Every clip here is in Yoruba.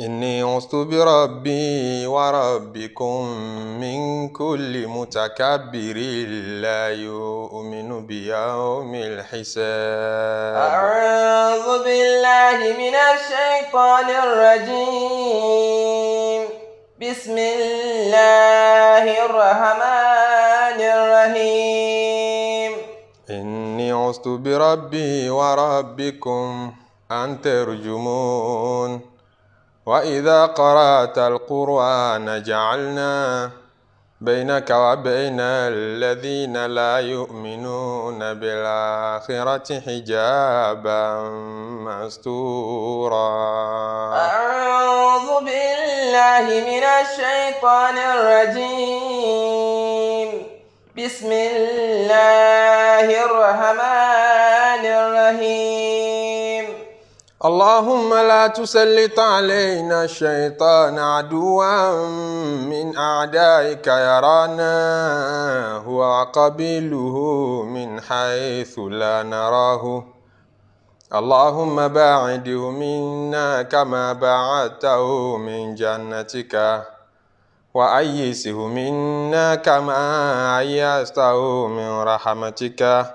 إني عصت بربي وربكم من كل متكبر لا يؤمن بيوم الحساب أعوذ بالله من الشيطان الرجيم بسم الله الرحمن الرحيم إني عصت بربي وربكم أن ترجمون وإذا قرأت القرآن جعلنا بينك وبين الذين لا يؤمنون بالآخرة حجابا مستورا أعوذ بالله من الشيطان الرجيم بسم الله الرحمن الرحيم اللهم لا تسلط علينا الشيطان عدوا من أعدائك يرانا وقبيله من حيث لا نراه اللهم باعده منا كما باعدته من جنتك وأيسه منا كما أيسته من رحمتك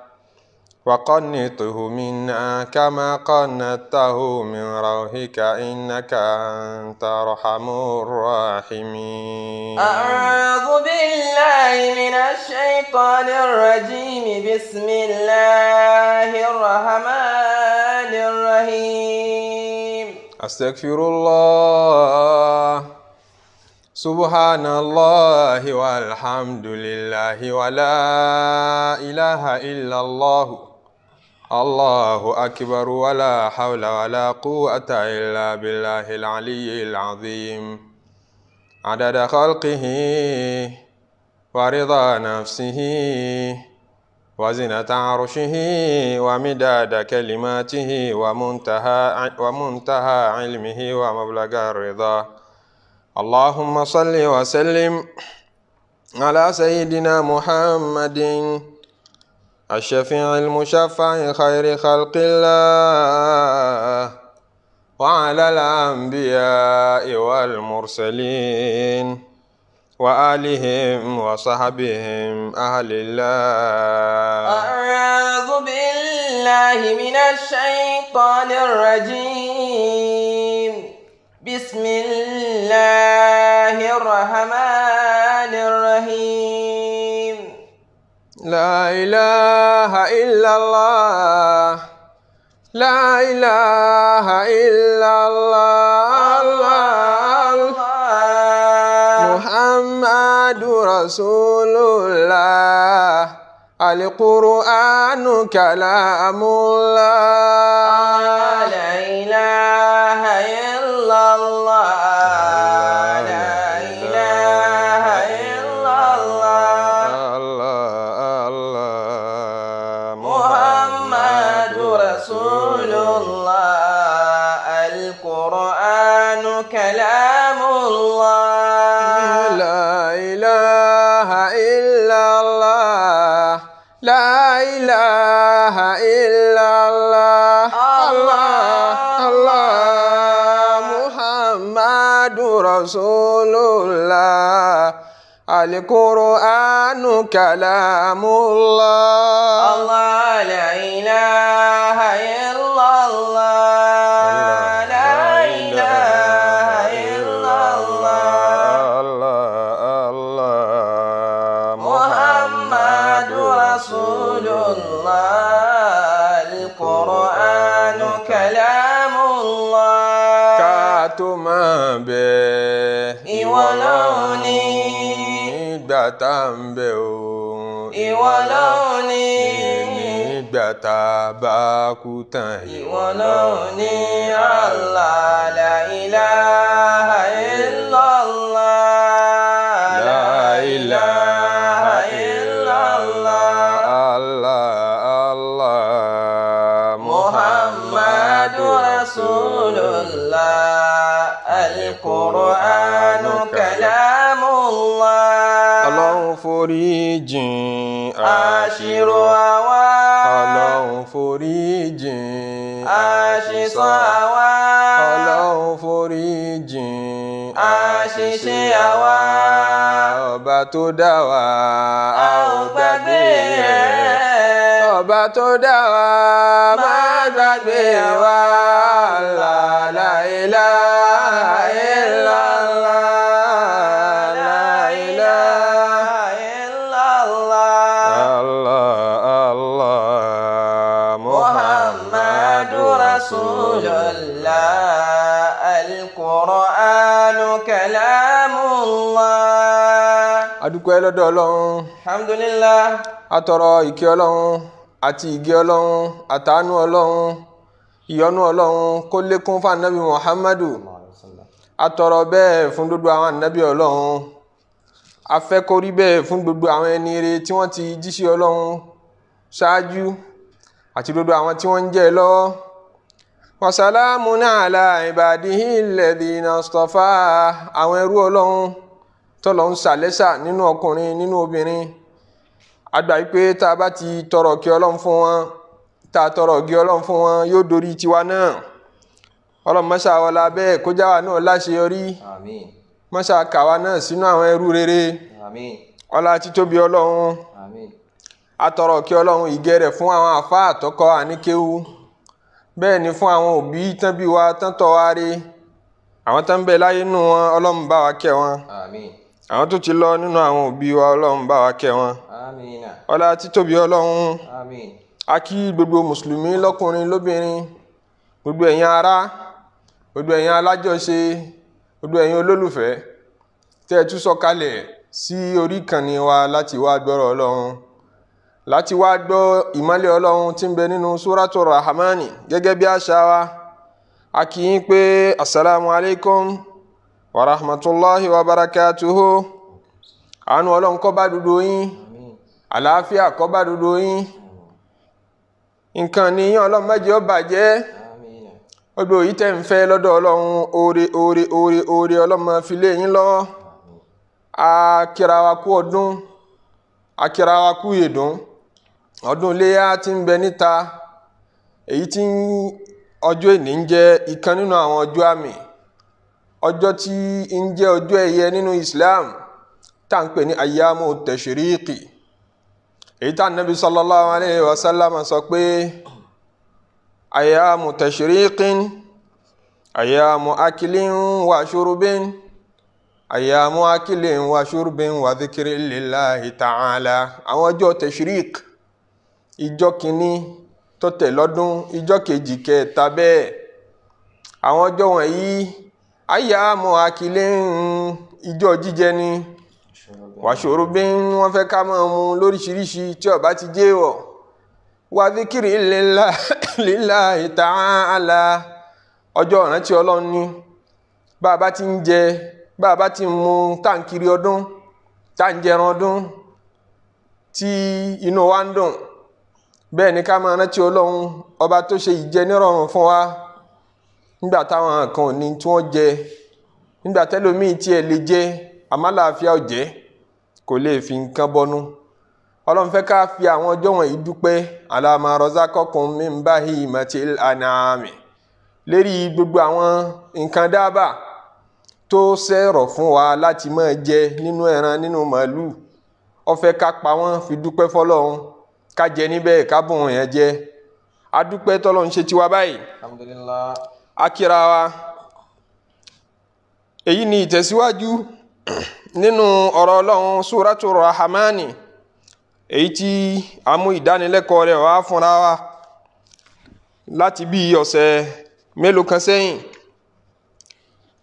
وقنته منا كما قنته من روحك إنك أنت أرحم الراحمين أعوذ بالله من الشيطان الرجيم بسم الله الرحمن الرحيم أستغفر الله سبحان الله والحمد لله ولا إله إلا الله الله أكبر ولا حول ولا قوة إلا بالله العلي العظيم عدد خلقه ورضا نفسه وزنة عرشه ومداد كلماته ومنتهى ومنتهى علمه ومبلغ الرضا اللهم صل وسلم على سيدنا محمد الشفيع المشفع خير خلق الله وعلى الأنبياء والمرسلين وآلهم وصحبهم أهل الله أعوذ بالله من الشيطان الرجيم بسم الله الرحمن الرحيم لا إله إلا الله لا إله إلا الله, الله, الله محمد رسول الله القرآن كلام الله لا إله إلا الله القرآن كلام الله الله لا إله ìwọ ló ní. nígbà tá a bá kú tán ìwọ ló ní Allah la ilaha illallah. Al-Qur'anu kalamullah. Ọlọ́run forí jìn àṣírò àwa. ọlọ́run forí jìn. àṣìṣọ́ àwa. ọlọ́run forí jìn. àṣìṣe àwa. ọba tó dá wa. a ò gbàgbé rẹ̀. ọba tó dá wa. má gbàgbé wa. dúpẹ́ lọ́dọ̀ ọlọ́run. alhamdulillah. atọrọ ìkẹ́ ọlọ́run àti ìgẹ́ ọlọ́run àtàánú ọlọ́run ìyọ́nú ọlọ́run kó lékún fún anabi muhammadu atọrọ bẹ́ẹ̀ fún gbogbo àwọn anabi ọlọ́run afẹ́kórí bẹ́ẹ̀ fún gbogbo àwọn ẹni ire tí wọ́n ti jíṣẹ́ ọlọ́run ṣáájú àti gbogbo àwọn tí wọ́n ń jẹ́ lọ́wọ́. wasalamu ala ibadihi alladhina istafa àwọn ẹrú ọlọ́run tọ́lọ̀ ń sàlẹ́sà nínú ọkùnrin nínú obìnrin àgbà wípé tá a bá ti tọrọ kí ọlọ́run fún wọn tá a tọrọ kí ọlọ́run fún wọn yóò dorí tiwa náà ọlọ́run mọ́ṣá wa la bẹ́ẹ̀ kó wa náà láṣeyọrí àmín mọ́ṣá kàwa náà sínú àwọn ẹrú rere ọlá títóbi ọlọ́run àmín kí ọlọ́run ìgẹ́ rẹ̀ fún àwọn àfa àtọkọ àníkéwu bẹ́ẹ̀ ni fún àwọn òbí tán bí wa tán tọ́ wa re àwọn tán bẹ láyé nù wọn ọlọ́run bá wa kẹ́ wọn àmín àwọn tó ti lọ nínú àwọn òbí wa ọlọ́run bá wa kẹ́ wọn ọlá títóbi ọlọ́run a kí gbogbo mùsùlùmí lọ́kùnrin lóbìnrin gbogbo ẹ̀yin ará gbogbo ẹ̀yin alájọṣe gbogbo ẹ̀yin olólùfẹ́ tẹ́ ẹ tún sọ̀kalẹ̀ sí orí ìkànnì wa láti wá gbọ́rọ̀ ọlọ́run láti wá gbọ́ ìmọ́lẹ̀ ọlọ́run tí ń bẹ nínú súrátù rahamani gẹ́gẹ́ bí àṣà wa a kí yín pé asalaamualeykum. wa rahmatullahi wa barakatuhu àánú ọlọ́run kó bá dúdú yín àlàáfíà kó bá dúdú yín nǹkan níyàn ọlọ́run má jẹ́ ó bàjẹ́ gbogbo yìí tẹ́ ń fẹ́ lọ́dọ̀ ọlọ́run oore oore oore oore ọlọ́run máa fi lé yín lọ́wọ́ akírawa kú ọdún akírawa kú ìdùn ọdún iléyà tí ń bẹ níta èyí tí ọjọ́ ìní ń jẹ́ ìkan nínú àwọn ọjọ́ àmì ọjọ́ tí ń jẹ́ ọjọ́ ẹ̀yẹ nínú Islam tá à ń pè ní ayyamu tashriqi èyí tá nàbí sallallahu alayhi wa sallam sọ pé ayyamu tashriqin ayyamu akilin wa shurubin ayyamu akilin wa shurubin wa dhikri lillahi ta'ala àwọn ọjọ́ tashriq ìjọ kìíní tó tẹ̀ lọ́dún ìjọ kejì kẹta bẹ́ẹ̀ àwọn ọjọ́ wọ̀nyí. ayyamu akilin ìjọ jíjẹ ni wàṣòro bí wọ́n fẹ́ ká máa mu lóríṣiríṣi tí ó bá ti je wọ̀ wa zikiri lillahi ta'ala ọjọ́ ìrántí ọlọ́run ni bá a bá ti nje baba bá a bá ti ń mu táǹkiri ọdún táǹjẹran ọdún tí inú wa ń dùn bẹ́ẹ̀ ni ká máa rántí ọlọ́run ọba tó ṣe ìjẹ nírọ̀rùn fún wa. nígbà táwọn kan ò ní tí wọ́n jẹ nígbà tẹ́lòmíì tí ẹ lè jẹ àmàlàáfíà ò jẹ́ kò lè fi nǹkan bọnú ọlọ́run fẹ́ ká fi àwọn ọjọ́ wọ̀nyí dúpẹ́ alama razaqakum min bahimatil anami lérí gbogbo àwọn nǹkan dábàá tó ṣẹ̀rọ̀ fún wa láti máa jẹ nínú ẹran nínú màálù ó fẹ́ ká pa wọ́n fi dúpẹ́ fọlọ́run ká jẹ níbẹ̀ ká bùn yẹn jẹ adúpẹ́ tọ́lọ́run ṣe tiwa báyìí. alhamdulillah akira wa èyí ni ìtẹ̀síwájú nínú ọ̀rọ̀ ọlọ́run suratu rahamani èyí tí a mú ìdánilẹ́kọ̀ọ́ rẹ̀ wá fúnra wa láti bí ọ̀sẹ̀ mélòó kan sẹ́yìn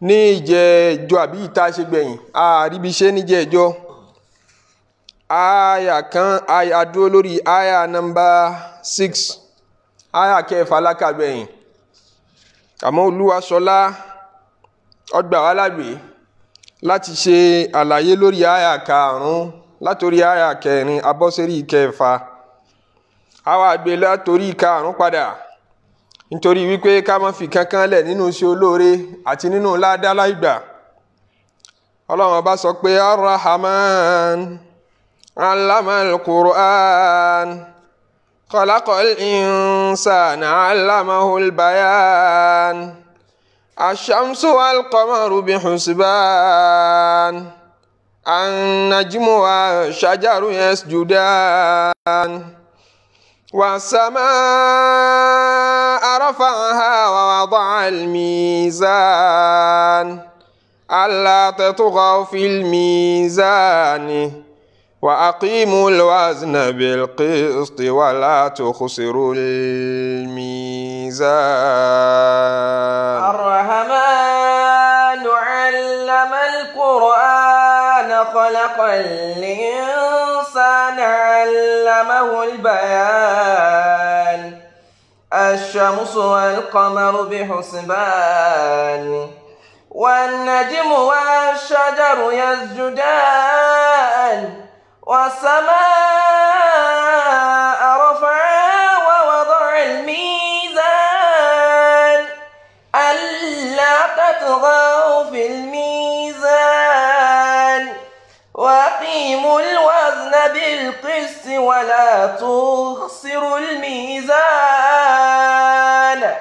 ní ìjẹ́jọ́ àbí ìta ṣe gbẹ̀yìn àríbi ṣe níjẹ́jọ́ aya kan aya dúró lórí aya nọmba six aya kẹfà lákàgbẹ̀yìn àmọ́ olúwaṣọlá ọgbà wa lágbè láti ṣe àlàyé lórí àyà karùn-ún látòrí àyà kẹrin abọ́sẹ̀rí kẹfà àwa àgbè látòrí karùn-ún padà nítorí wípé ká má fi kankan lẹ̀ nínú iṣẹ́ olóore àti nínú ládá láìgbà ọlọ́run ọba sọ pé arahman alamal qur'an. خلق الإنسان علمه البيان الشمس والقمر بحسبان النجم والشجر يسجدان والسماء رفعها ووضع الميزان ألا تطغوا في الميزان وأقيموا الوزن بالقسط ولا تخسروا الميزان الرحمن علم القرآن خلق الإنسان علمه البيان الشمس والقمر بحسبان والنجم والشجر يسجدان والسماء رفعها ووضع الميزان ألا تطغوا في الميزان وأقيموا الوزن بالقسط ولا تخسروا الميزان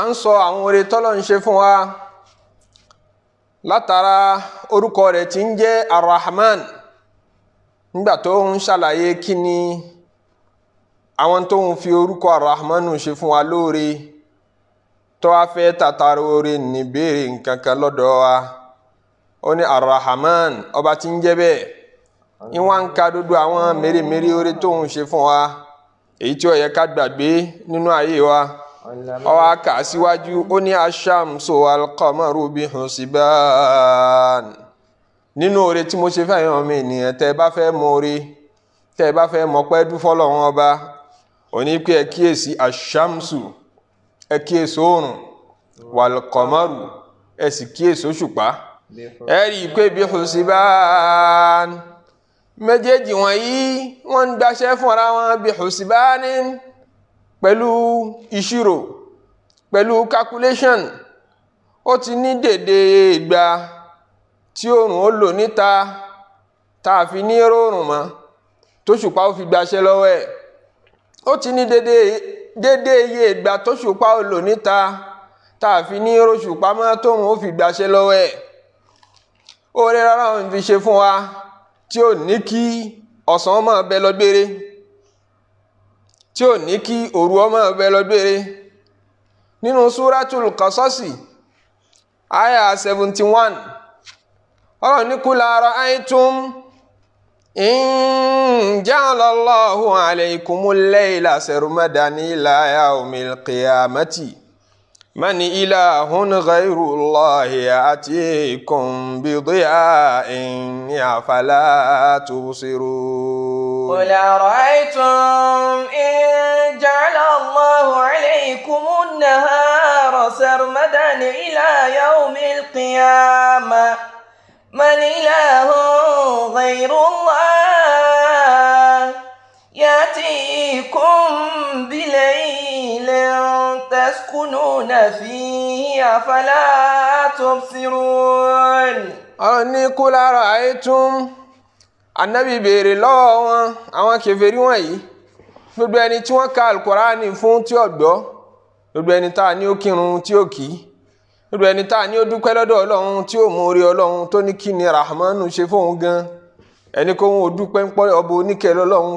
à ń sọ àwọn oore tọ́lọ́ ń ṣe fún nígbà tó ń ṣàlàyé kí ni àwọn tó ń fi orúkọ arahmanu ṣe fún wa lóore tó wá fẹ́ tàtàrà oore ní béèrè nǹkan kan lọ́dọ̀ wa ó ní arahman ọba tí ń jẹ́ bẹ́ẹ̀ ìwọ̀n ń ka dodo àwọn mèremère oore tó ń ṣe fún wa èyí tí ó yẹ ká gbàgbé nínú ayé wa ó wá síwájú ó ní aṣáàmùsọ alqamaru bihusban nínú oore tí mo ṣe fẹ́yàn mi ènìyàn tẹ́ ẹ bá fẹ́ mọ oore tẹ́ ẹ bá fẹ́ mọ pẹ́ dúfọ́ lọ́wọ́n ọba òní pé ẹ kíyèsí àṣàmùsù ẹ kíyèsí oòrùn wàlùkọ̀mọ́rù ẹ sì kíyèsí òṣùpá ẹ rí i pé bí hùsìbán méjèèjì wọ̀nyí wọ́n ń gbaṣẹ́ fúnra wọn bí hùsìbán pẹ̀lú ìṣirò pẹ̀lú calculation ó ti ní dèdè ìgbà tí oòrùn ó lò níta tá a fi ní rọrùn mọ́ tóṣùpá ó fi gbaṣẹ́ lọ́wọ́ ẹ̀ ó ti ní dédé iye ìgbà tóṣùpá ó lò níta tá a fi ní rọṣùpá mọ́ tóun ó fi gbaṣẹ́ lọ́wọ́ ẹ̀ oore rárá òun fi ṣe fún wa tí ò ní kí ọ̀sán ọmọ ọbẹ̀ lọ́gbére tí ò ní kí òru ọmọ ọbẹ̀ lọ́gbére nínú súratul Qasasi àyà seventy one. رنكل رأيتم إن جعل الله عليكم الليل سرمدا إلى يوم القيامة من إله غير الله يأتيكم بضياء أفلا تبصرون قل أرأيتم إن جعل الله عليكم النهار سرمدا إلى يوم القيامة من إله غير الله يأتيكم بليل تسكنون فيه أفلا تبصرون أني قل أرأيتم anabi béèrè lọ́wọ́ wọn àwọn kèfèrí wọ̀nyí gbogbo ẹni tí wọ́n ka alukoraani fún tí ó gbọ́ gbogbo ẹni tá a ní ó kírun tí ó kì í irú ẹni tá a ní ó dúpẹ́ lọ́dọ̀ ọlọ́run tí ó mú orí ọlọ́run tó ní kí ni rahmanu ṣe fóun gan ẹni kó wọn ò dúpẹ́ ń pọ́ ọba oníkẹ́ lọ́lọ́run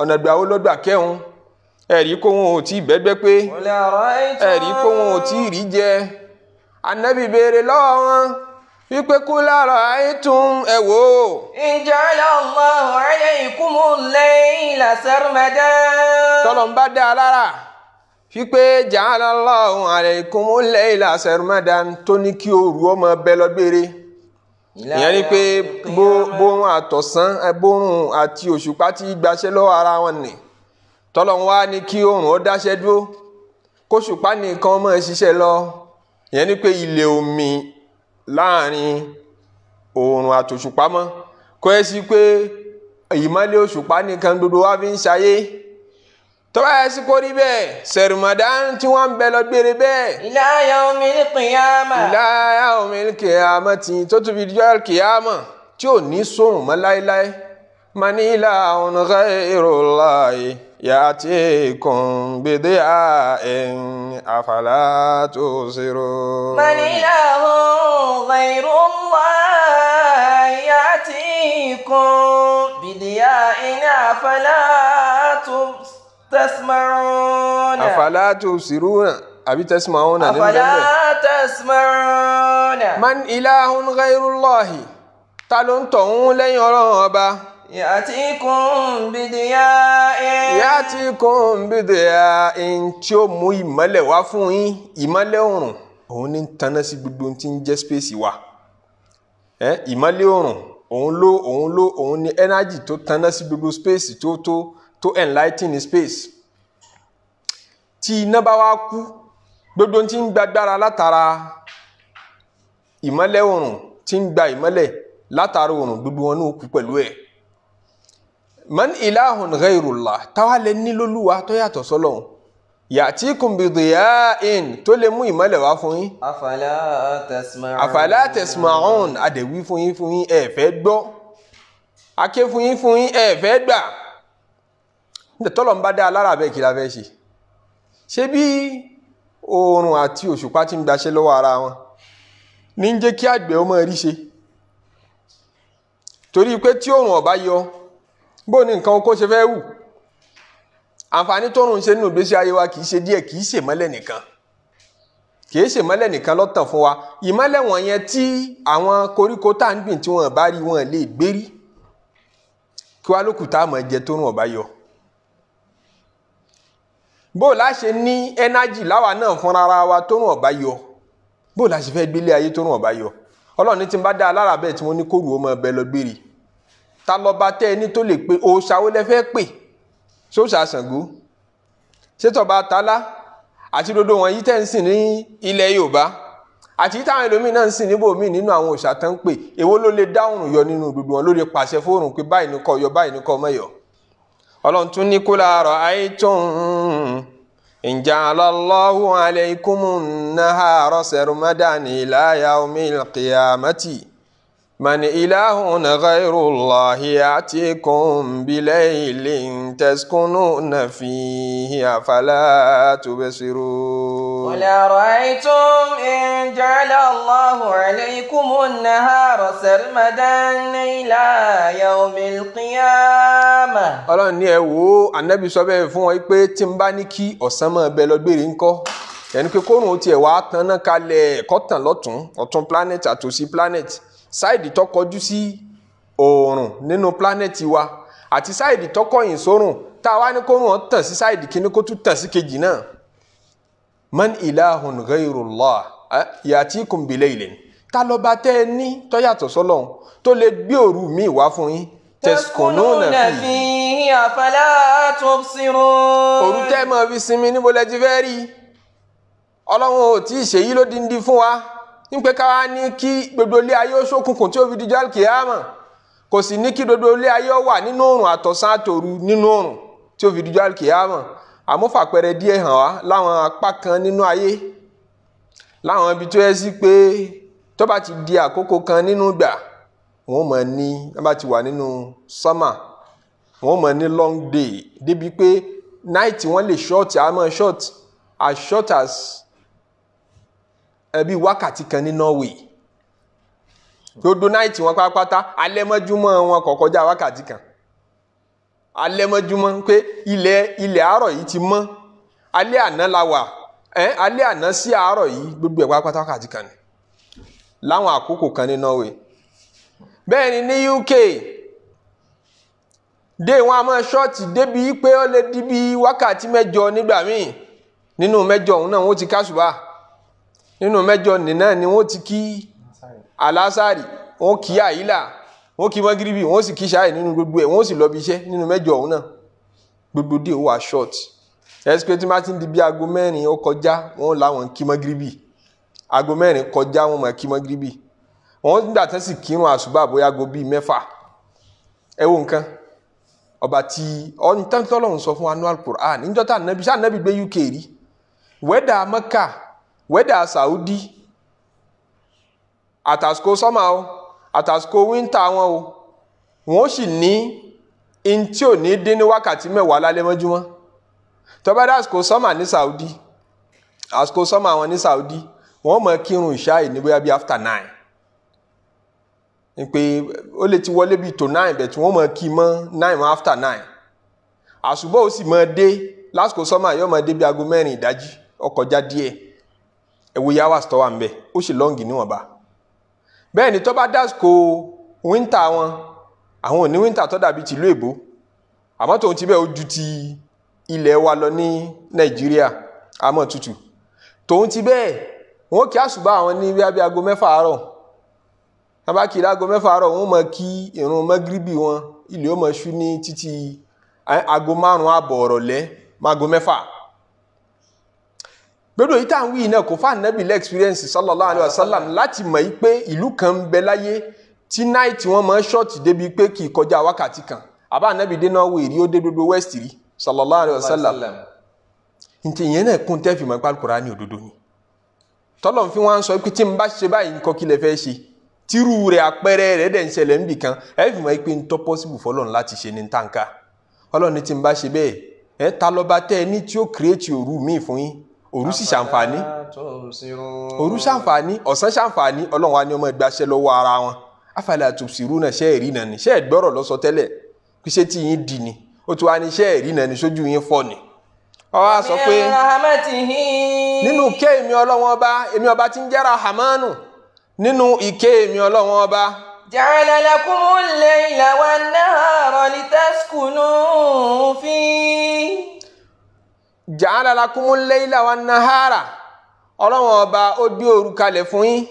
ọ̀nà ìgbà wo lọ́gbà kẹ́hún ẹ̀rí kó wọn ò tí ì bẹ́gbẹ́ pé ẹ̀rí kó wọn ò tí ì rí jẹ anabi béèrè lọ́wọ́ wọn wípé kú lára àìtún ẹ wò ó. wípé ja'alallahu alaykumul layla sarmadan tó ní kí òru ọmọ bẹ lọ́gbére ìyẹn ni pé bóun àtọ̀sán bóun àti òṣùpá ti gbaṣẹ́ lọ́wọ́ ara wọn nì tọ́lọ́run wá ní kí oòrùn ó dáṣẹ́ dúró kóṣùpá nìkan máa ṣiṣẹ́ lọ ìyẹn ni pé ilẹ̀ omi láàrin oòrùn àtòṣùpá mọ́ kò ẹ́ sí pé ìmọ́lẹ̀ òṣùpá nìkan gbogbo wa fi ń ṣayé tọ́ba yẹn sì kórìí bẹ́ẹ̀ sẹ̀rùmọ̀dán tí wọ́n ń bẹ lọ gbére bẹ́ẹ̀. ila yaumil qiyama. ila yaumil qiyama tí tó tún fi jọ́ kìyàmà tí ò ní sóòrùn mọ́ láéláé mani ilahun Manila ya'tikum bidi'a'in afala tubsirun. mani ilahun ghayrullahi ya'tikum bidi'a'in afala tubsirun tẹ́símọ́rọ́nà. àfàlà tó sírú náà àbí tẹ́símọ́rọ́nà nínú bẹ́ẹ̀. àfàlà tẹ́símọ́rọ́nà. man ilahun ghayrullahi ta ló ń tọ̀hún lẹ́yìn ọlọ́run ọba. Yàtíkùn bìdìyà in. Yàtíkùn bìdìyà in tí ó mú ìmọ́lẹ̀ wá fún yín ìmọ́lẹ̀ oòrùn. Òun ní tanná sí gbogbo tí ń jẹ́ spéèsì wa. Ẹ ìmọ́lẹ̀ oòrùn òun ló òun ló òun ní ẹ́nájì tó tanná sí gbogbo spéèsì tó tó to enlighten the space tí iná bá wá kú gbogbo tí ń gbàgbára látara ìmọ́lẹ̀ oòrùn tí ń gba ìmọ́lẹ̀ látara oòrùn gbogbo wọn náà kú pẹ̀lú ẹ̀ man ilahun ghayrullah táwa lè nílò lúwa tó yàtọ̀ sọ́lọ́hun yàtíkùn bìdìyàín tó lè mú ìmọ́lẹ̀ wá fún yín. afala tasma'un afala tasma'un adẹ̀wí fún yín fún yín ẹ fẹ́ gbọ́ aké fún yín fún yín ẹ fẹ́ gbà tọ́lọ̀ ń bá dá alára bẹ́ẹ̀ kí la fẹ́ ṣe ṣé bí oòrùn àti òṣùpá ti ń gbaṣẹ́ lọ́wọ́ ara wọn ní ń jẹ́ kí àgbẹ̀ ó máa rí ṣe torí pé tí oòrùn ọ̀bá yọ bó ni nǹkan oko ṣe fẹ́ wù àǹfààní tóòrùn ṣe nínú ìgbésí ayé wa kì í ṣe díẹ̀ kì í ṣe mọ́lẹ̀ nìkan kì í ṣe mọ́lẹ̀ nìkan lọ́tàn fún wa ìmọ́lẹ̀ wọ̀nyẹn tí àwọn koríko tá ń gbìn tí wọ́n bá rí wọn lè gbérí kí wá lókùtà àmọ́ jẹ tóòrùn ọ̀bá yọ bó o láṣe ní ẹnájì láwa náà fúnra wa tó rùn ọ̀bá yọ bó o láṣe fẹ́ gbélé ayé tó rùn ọ̀bá yọ ọlọ́run ní ti bá dá alára bẹ́ẹ̀ tí mo ní kóru ó mọ ẹbẹ lọ gbére ta lọ́ba tẹ́ ẹni tó lè pe òòṣà wo lẹ fẹ́ pè sóòṣà Ṣàngó ṣètọ́ba tálá àti dodo wọn yìí tẹ́ ń sìn ní ilẹ̀ Yorùbá àti yìí táwọn ẹlòmíín náà ń sìn níbò míì nínú àwọn òòṣà tán ń pè èwo ló lè dáhùn yọ nínú gbogbo wọn ló lè pàṣẹ fóònù pé báyìí ni kò yọ báyìí ni kò mọ̀ yọ ọlọ́run tún ní kula ra'aytum inja'ala Allahu alaykumun nahara sarmadan ila yawmil qiyamati. من إله غير الله يأتيكم بليل تسكنون فيه أفلا تبصرون قل أرأيتم إن جعل الله عليكم النهار سرمدا إلى يوم القيامة Ọlọ́run ní ẹ wo Ànábì sọ bẹ́ẹ̀ fún wọn pé tí n bá ní kí ọ̀sán máa bẹ lọ gbére ńkọ́ ẹni pé kóòrùn ó tiẹ̀ wá tanná kalẹ̀ kọ́tàn lọ́tún ọ̀tún planet àtòsí planet sáìdì tó kọjú sí oòrùn nínú planẹ̀tì wa àti sáìdì tó kọ̀yìn sórùn tá a wá ní kórùn ọ̀n tàn sí sáìdì kíní kó tún tàn sí kejì náà man ilahun ghayrullah eh, yatikum bilailin ta ló bá tẹ́ ẹ ní tó yàtọ̀ sọ́lọ́run tó lè gbé òru mi wá fún yín tẹ̀sùkùnúnà fi àfàlà tubsirun. òru tẹ́ ẹ fi sinmi níbo lẹ fẹ́ rí ọlọ́run ò tí ì ṣèyí ló dín dín fún wa nípe káwa ní kí gbogbo ilé ayé ó ṣókùnkùn tí ó fi di jọ́ọ̀lù kìámà kò sì ní kí gbogbo ilé ayé ó wà nínú òrùn àtọ̀sán àtòru nínú òrùn tí ó fi di jọ́ọ̀lù kìámà àmúfàpẹrẹ díẹ̀ hàn wá láwọn apá kan nínú ayé láwọn ibi tó yẹ sí pé tó bá ti di àkókò kan nínú gbà wọn mọ̀ ní wọn bá ti wà nínú sọ́mà wọn mọ̀ ní long day débi pé náìtì wọn lè ṣọ́ọ̀tì àmọ́ ṣọ́ọ̀tì as short as ẹbí wákàtí kan ní Norway gbogbo náìtì wọn pátápátá alẹ́mọ́júmọ́ wọn kò kọjá wákàtí kan alẹ́mọ́júmọ́ pé ilẹ̀ ilẹ̀ àárọ̀ yìí ti mọ́ alẹ́ àná la wà ẹ́ alẹ́ àná sí àárọ̀ yìí gbogbo ẹ̀ pátápátá wákàtí kan ni láwọn àkókò kan ní Norway bẹ́ẹ̀ ni ní UK dé wọn a máa ṣọ́ọ̀tì débi pé ó lè di bí wákàtí mẹ́jọ nígbà míì nínú mẹ́jọ òun náà wọ́n ti kásùbà nínú mẹ́jọ nìna ni wọ́n ti kí alásàrì wọ́n kí àyílà wọ́n kí mọ́gíríbì wọ́n sì kí ṣáì nínú gbogbo ẹ̀ wọ́n sì lọ bí iṣẹ́ nínú mẹ́jọ òun gbogbo dé wà short ẹ̀sì pé di bí aago mẹ́rin ó kọjá wọ́n láwọn kí mọ́gíríbì aago mẹ́rin kọjá wọ́n máa kí mọ́gíríbì wọ́n nígbà tán sì kírun àṣùbà bóyá aago bíi mẹ́fà ẹ wo nǹkan ọba tí ọ̀nìtàn tọ́lọ́run sọ fún annual wẹ́dà Saudi atasko sọ́mà o àtàsíkò wíńtà wọn o wọ́n sì ní in tí ò ní dín ní wákàtí mẹ́wàá lálẹ́ mọ́júmọ́ tó bá dé ní Saudi àsìkò sọ́mà wọn ní Saudi wọ́n mọ̀ kírun ìṣáì ní bóyá bíi after nine n pé ó lè ti wọlé bíi tó nine bẹ̀ tí wọ́n mọ̀ kí mọ́ nine after nine àṣùbọ̀ ó sì mọ̀ dé lásìkò sọ́mà yóò mọ̀ dé bíi aago mẹ́rin ìdájí ó kọjá díẹ̀ ẹ̀wò yà wàásù tó wà ń bẹ̀ ó sì lọ́ǹgì níwọ̀nba bẹ́ẹ̀ ni tó bá dásìkò wíńtà wọn àwọn ò ní wíńtà tó dàbí tìlú èbó àmọ́ tòun ti bẹ́ẹ̀ ó ju ti ilẹ̀ wa lọ ní nàìjíríà àmọ́ tutù tòun ti bẹ́ẹ̀ wọn kí àṣùbà àwọn ní bí abẹ́ aago mẹ́fà àárọ̀ wọn kí i láago mẹ́fà àárọ̀ wọn máa kí irun mọ́gíríbì wọn ilé ó ṣú ní títí aago márùn-ún àbọ̀ ọ̀rọ̀lẹ́ máago mẹ́fà pẹ̀lú èyí tá à ń wí náà kò fà lẹ́ experience sallallahu alayhi wa sallam láti mọ̀ kan bẹ láyé tí náìtì wọn máa ṣọ́ọ̀tì débi pé kì í kọjá kan àbá nẹ́bì dé náà wèrí ó dé gbogbo west rí sallallahu alayhi wa sallam ntì yẹn náà kún tẹ́ẹ̀fì mọ́ pálí Kùránì òdodo ni tọ́lọ̀ fi wọn sọ pé tí n bá ṣe báyìí nǹkan kí lẹ fẹ́ ṣe tírú rẹ̀ rẹ̀ dẹ̀ ń ṣẹlẹ̀ kan ẹ fi mọ̀ pé n tọ́ pọ́sibù fọlọ́run láti ṣe ní tàǹkà ọlọ́run tí n bá ṣe bẹ́ẹ̀ ẹ ta lọ́ba tẹ́ ẹ ní tí ó kírètì òru sì ṣàǹfààní òru ṣàǹfààní ọ̀sán ṣàǹfààní ọlọ́run wa ni ọmọ ìgbàṣẹ lọ́wọ́ ara wọn afala tubsiruna ṣe ẹ̀rí náà ni ṣe ẹ̀gbọ́rọ̀ lọ́sọ tẹ́lẹ̀ kí ṣe tí yín di ni ó ti wá ní ṣe ẹ̀rí náà ni sójú yín fọ́ ni. ọwọ́ sọ pé nínú ìkẹ́ èmi ọlọ́run ọba èmi ọba ti ń jẹ́ rahamanu nínú ìkẹ́ èmi ọlọ́run ọba. ja'ala lakumul ja'ala lakumul leila wa nahara ọlọ́wọ́n ọba ó gbé kalẹ̀ fún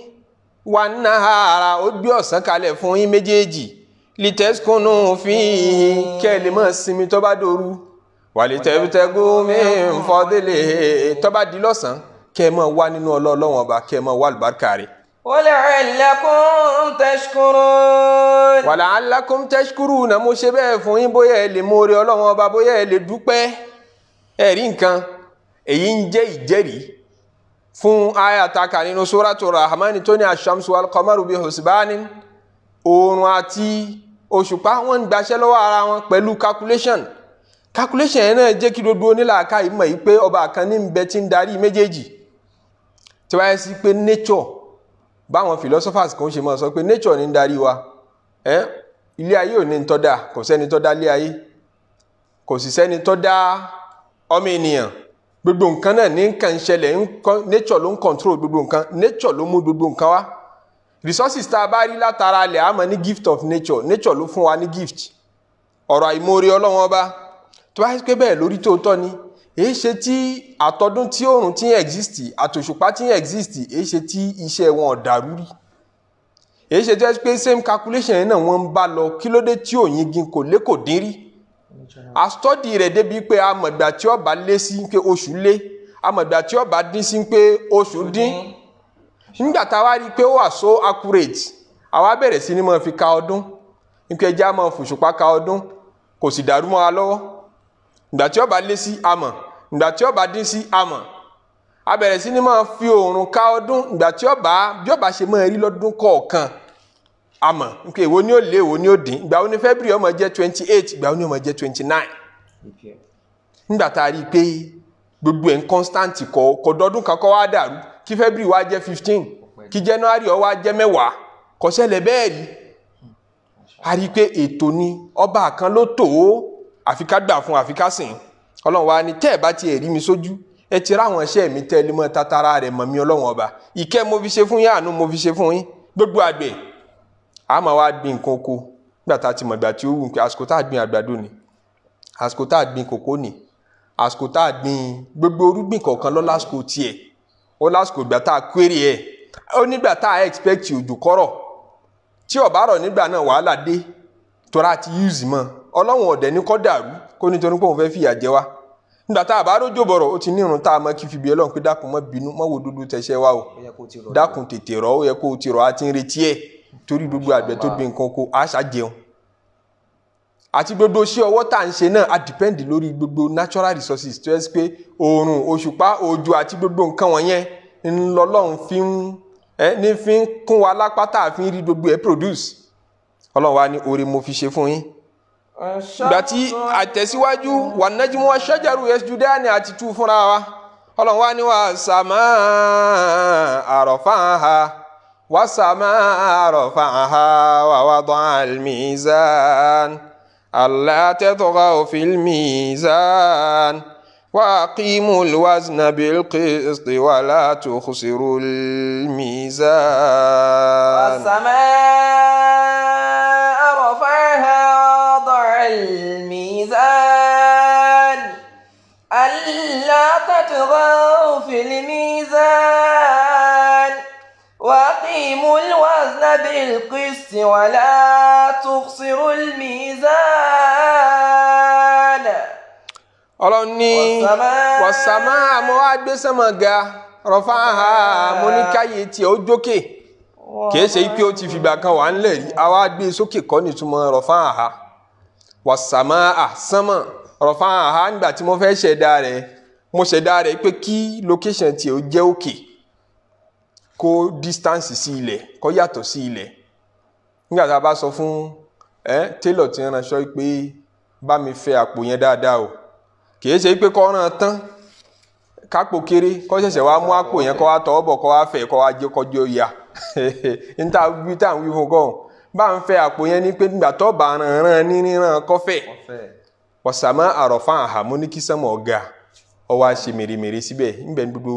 nahara ó ọ̀sán kalẹ̀ fún méjèèjì litaskunu fíhìn kẹ́ lè sinmi tó dòru wàlítẹ́bítẹ́gù min fadlihi tó di lọ́sàn kẹ́ wá nínú ọlọ́ọ̀lọ́wọ́n ọba kẹ́ ẹ lè ọba bóyá ẹ ẹ̀rí nǹkan èyí ń jẹ́ ìjẹ́rìí fún ayataka nínú suratu rahmani tó ní ash-shamsu wal-qamaru oòrùn àti òṣùpá wọn ń ara wọn pẹ̀lú calculation calculation yẹn jẹ́ kí ime yi pe ọba kan ní mbe tí ń darí méjèèjì tí wáyé sí pé nature báwọn philosophers kan ṣe máa sọ pé nature ní wa ilé ayé ò ní ń tọ́ da kò sẹ́ni tọ́ ọmọ ènìyàn gbogbo nǹkan náà ní nǹkan ṣẹlẹ̀ nature ló ń control gbogbo nǹkan nature ló mú gbogbo nǹkan wá resources tá a bá rí látara alẹ̀ àmọ́ ní gift of nature nature ló fún wa ní gift ọ̀rọ̀ àìmoore ọlọ́wọ́n ọba tó bá pé bẹ́ẹ̀ lórí tòótọ́ ni èyí ṣe tí àtọ́dún tí oòrùn ti ń exist àtòṣùpá ti ń exist èyí ṣe tí iṣẹ́ wọn dàrú rí èyí ṣe tó yẹ pé same calculation yẹn náà wọ́n ń bá lọ kí ló dé tí kò lé kò dín rí àsọdì rẹ̀ débi pé amọ̀gbà tí ọba lé sí pé oṣù lé amọ̀gbà tí ọba dín sí pé oṣù dín nígbà tá a wá rí i pé ó wà so accurate àwa bẹ̀rẹ̀ sí ni mo fi ka ọdún nípa ẹja máa fòṣùpá ka ọdún kò sì dàrú mọ́ wa lọ́wọ́ ìgbà tí ọba lé sí amọ̀ ìgbà tí ọba dín sí amọ̀ a bẹ̀rẹ̀ sí ni mo fi òòrùn ka ọdún ìgbà tí ọba bí ọba ṣe máa rí lọ́dún kọ̀ọ̀kan àmọ́ nkè èwo ni ó lé èwo ni ó dín ìgbà wo February ó jẹ́ twenty eight ìgbà wo ni jẹ́ twenty nine nígbà tá a rí i pé gbogbo ẹ̀ ń constant kọ kọ dọ́dún wá dàrú kí February wá jẹ́ fifteen kí January ó wá jẹ́ mẹ́wàá kò ṣẹlẹ̀ bẹ́ẹ̀ rí a rí i pé ètò ni ọba kan ló tò ó àfi ká gbà fún àfi ọlọ́run wa ni tẹ́ ẹ̀ bá tiẹ̀ rí mi sójú ẹ ti ráwọn iṣẹ́ mi tẹ́ ẹ lé mọ́ tatara rẹ̀ mọ̀ mí ọlọ́run ọba ìkẹ́ mo fi ṣe fún yín àánú mo fi ṣe fún yín gbogbo àgbẹ̀ a máa wá gbin nǹkan oko nígbà tá a ti mọ̀ ìgbà tí ó wù gbin àgbàdo ni àsìkò tá a gbin kòkó ni àsìkò tá gbin gbogbo orúgbìn kọ̀ọ̀kan lọ lásìkò tiẹ̀ ó lásìkò ìgbà tá a kéré ẹ̀ ó nígbà tá a expect òjò tí wàhálà dé tọ́ra ti use mọ́ ọlọ́run ọ̀dẹ̀ ní dàrú kó pé òun fẹ́ fìyà jẹ wá nígbà tá a bá rójò bọ̀rọ̀ ó ti ní irun tá a kí o dákun tètè rọ̀ ó yẹ kó o ti rọ̀ á ti ń retí torí gbogbo àgbẹ̀ tó gbin nǹkan oko á ṣàjẹun àti gbogbo iṣẹ́ ọwọ́ tá à ń ṣe náà á dìpẹ́ǹdì lórí gbogbo natural resources tó yẹ pé oòrùn òṣùpá òjò àti gbogbo nǹkan wọ̀nyẹn ńlọlọ́run fi ń ẹ ní fi ń kún wa lápá tá a fi ń rí gbogbo ẹ̀ produce ọlọ́run wa ni oore mo fi ṣe fún yín gbàtí àtẹ̀síwájú wà nájú wọn ṣẹ́jàrú yẹn judeani àti tú fúnra wa ọlọ́run wa ni wa sàmà àrọ̀fáà ha. والسماء رفعها ووضع الميزان ألا تطغوا في الميزان وأقيموا الوزن بالقسط ولا تخسروا الميزان والسماء رفعها ووضع الميزان ألا تطغوا في الميزان وأقيموا الوزن بالقسط ولا تخسروا الميزان ọlọ́run ní wọ̀sàmá àmọ́ agbésẹ́mọ̀gá rọ̀fà ha mo ní káyé tí ó jókè kìí ṣe pé ó ti fìgbà kan wà ńlẹ̀ rí àwa gbé sókè kọ́ nìtumọ̀ rọ̀fà ha wọ̀sàmá àsánmọ̀ rọ̀fà ha nígbà tí mo fẹ́ ṣẹ̀dá rẹ̀ mo ṣẹ̀dá rẹ̀ pé kí location tí ó jẹ́ òkè. Okay kó distance sí ilẹ̀ kó yàtọ̀ sí ilẹ̀ nígbà tá a bá sọ fún ẹ télọ̀ ti ń ránṣọ pé bá mi fẹ àpò yẹn dáadáa o kì í ṣe pé kó rán tán kápò kéré kó ṣẹ̀ṣẹ̀ wá mú àpò yẹn kó wá tọ́ bọ̀ kó wá fẹ̀ wá jẹ́ kọjọ́ ya níta bí tá à ń wí fún gọ́hùn bá ń fẹ àpò yẹn ní pé nígbà tó bá ràn ràn ní ríran ọ̀sàmọ́ ní kí ọ̀gá ọwọ́ àṣemèrèmèrè síbẹ̀ gbogbo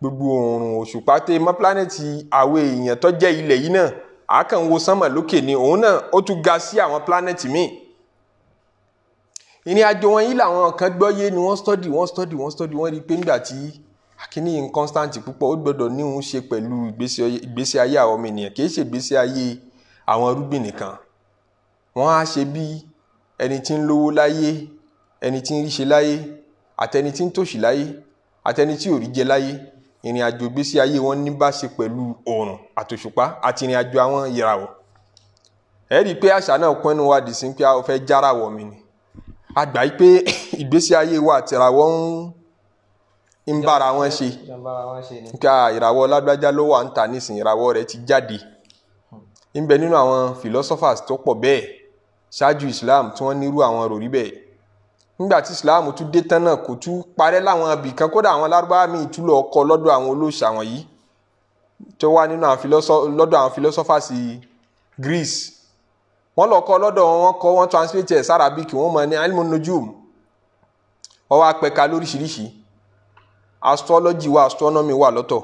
gbogbo oòrùn òṣùpá tẹ mọ́ pílánẹ̀tì àwọn èèyàn tó jẹ́ ilẹ̀ yìí náà àákàn wo sánmà lókè ni òun náà ó tún ga sí àwọn pílánẹ̀tì míì ìrìn àjò wọn yìí làwọn kan gbọ́ yé ni wọ́n stọ́dì wọ́n stọ́dì wọ́n stọ́dì wọ́n rí i pé nígbà tí akíní yìí ń constant púpọ̀ ó gbọ́dọ̀ ní òun ṣe pẹ̀lú ìgbésí ayé àwọn ọmọ ènìyàn kì í ṣe ìgbésí ayé àwọn irúgbìn nìkan wọ́n á ṣe bí ẹni tí ń lówó láyé ẹni tí ń ríṣe láyé àtẹni tí ń tòṣì láyé àtẹni tí ò rí jẹ láyé ìrìn àjò ìgbésí ayé wọn ní bá ṣe pẹ̀lú oòrùn àtòṣùpá àti ìrìn àjò àwọn ìràwọ̀ ẹ rí i pé àṣà náà pọ́nú wa dì sí pé a fẹ́ járawọ̀ mi ni a gbà yí pé ìgbésí ayé wa àtìràwọ̀ ń ń bára wọn ṣe nípa ìràwọ̀ lágbájá ló wà ń tà nísìnyí ìràwọ̀ rẹ̀ ti jáde ń bẹ nínú àwọn philosophers tó pọ̀ bẹ́ẹ̀ ṣáájú Islam tí wọ́n nírú àwọn ròrí bẹ́ẹ̀ nígbà tí ìsìláàmù tún dé tán náà kò tún parẹ́ láwọn ibì kan kódà àwọn lárúbáwá míì tún lọ kọ́ lọ́dọ̀ àwọn olóòṣà wọ̀nyí tó wà nínú lọ́dọ̀ àwọn philosophers Greece wọ́n lọ kọ́ lọ́dọ̀ wọn kọ́ wọ́n translate ẹ̀ sárábìkì wọ́n mọ̀ ní ilmu nujum ó lóríṣiríṣi astrology wà astronomy wà lọ́tọ̀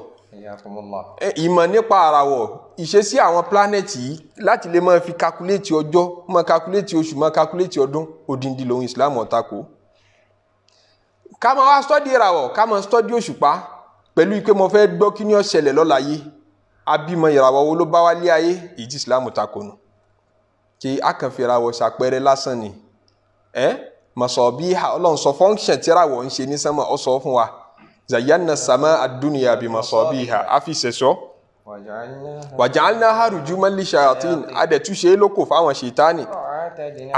ìmọ̀ nípa àràwọ̀ ìṣesí àwọn pílánẹ̀tì yìí láti lè máa fi kakuléètì ọjọ́ máa kakuléètì oṣù máa kakuléètì ọdún odindi lòun ìsìlámù ò tako. ká máa wá stọ́dí ìràwọ̀ ká máa stọ́dí òṣùpá pẹ̀lú pé mo fẹ́ gbọ́ kí ni ó ṣẹlẹ̀ lọ́la yìí abímọ ìràwọ̀ wo ló bá wá lé ayé èyí tí ìsìlámù tako nù. kí akànfi ìràwọ̀ ṣàpẹẹrẹ lásán ni ẹ mọ̀sọ̀ bí ọlọ́run sọ fọ́ńṣẹ̀ tíráwọ̀ ń ṣe zayanna sama adunia bi masabiha a fi sẹsọ wàjàlá harujuma li shayatin adẹtúnṣe lóko fáwọn ṣètánì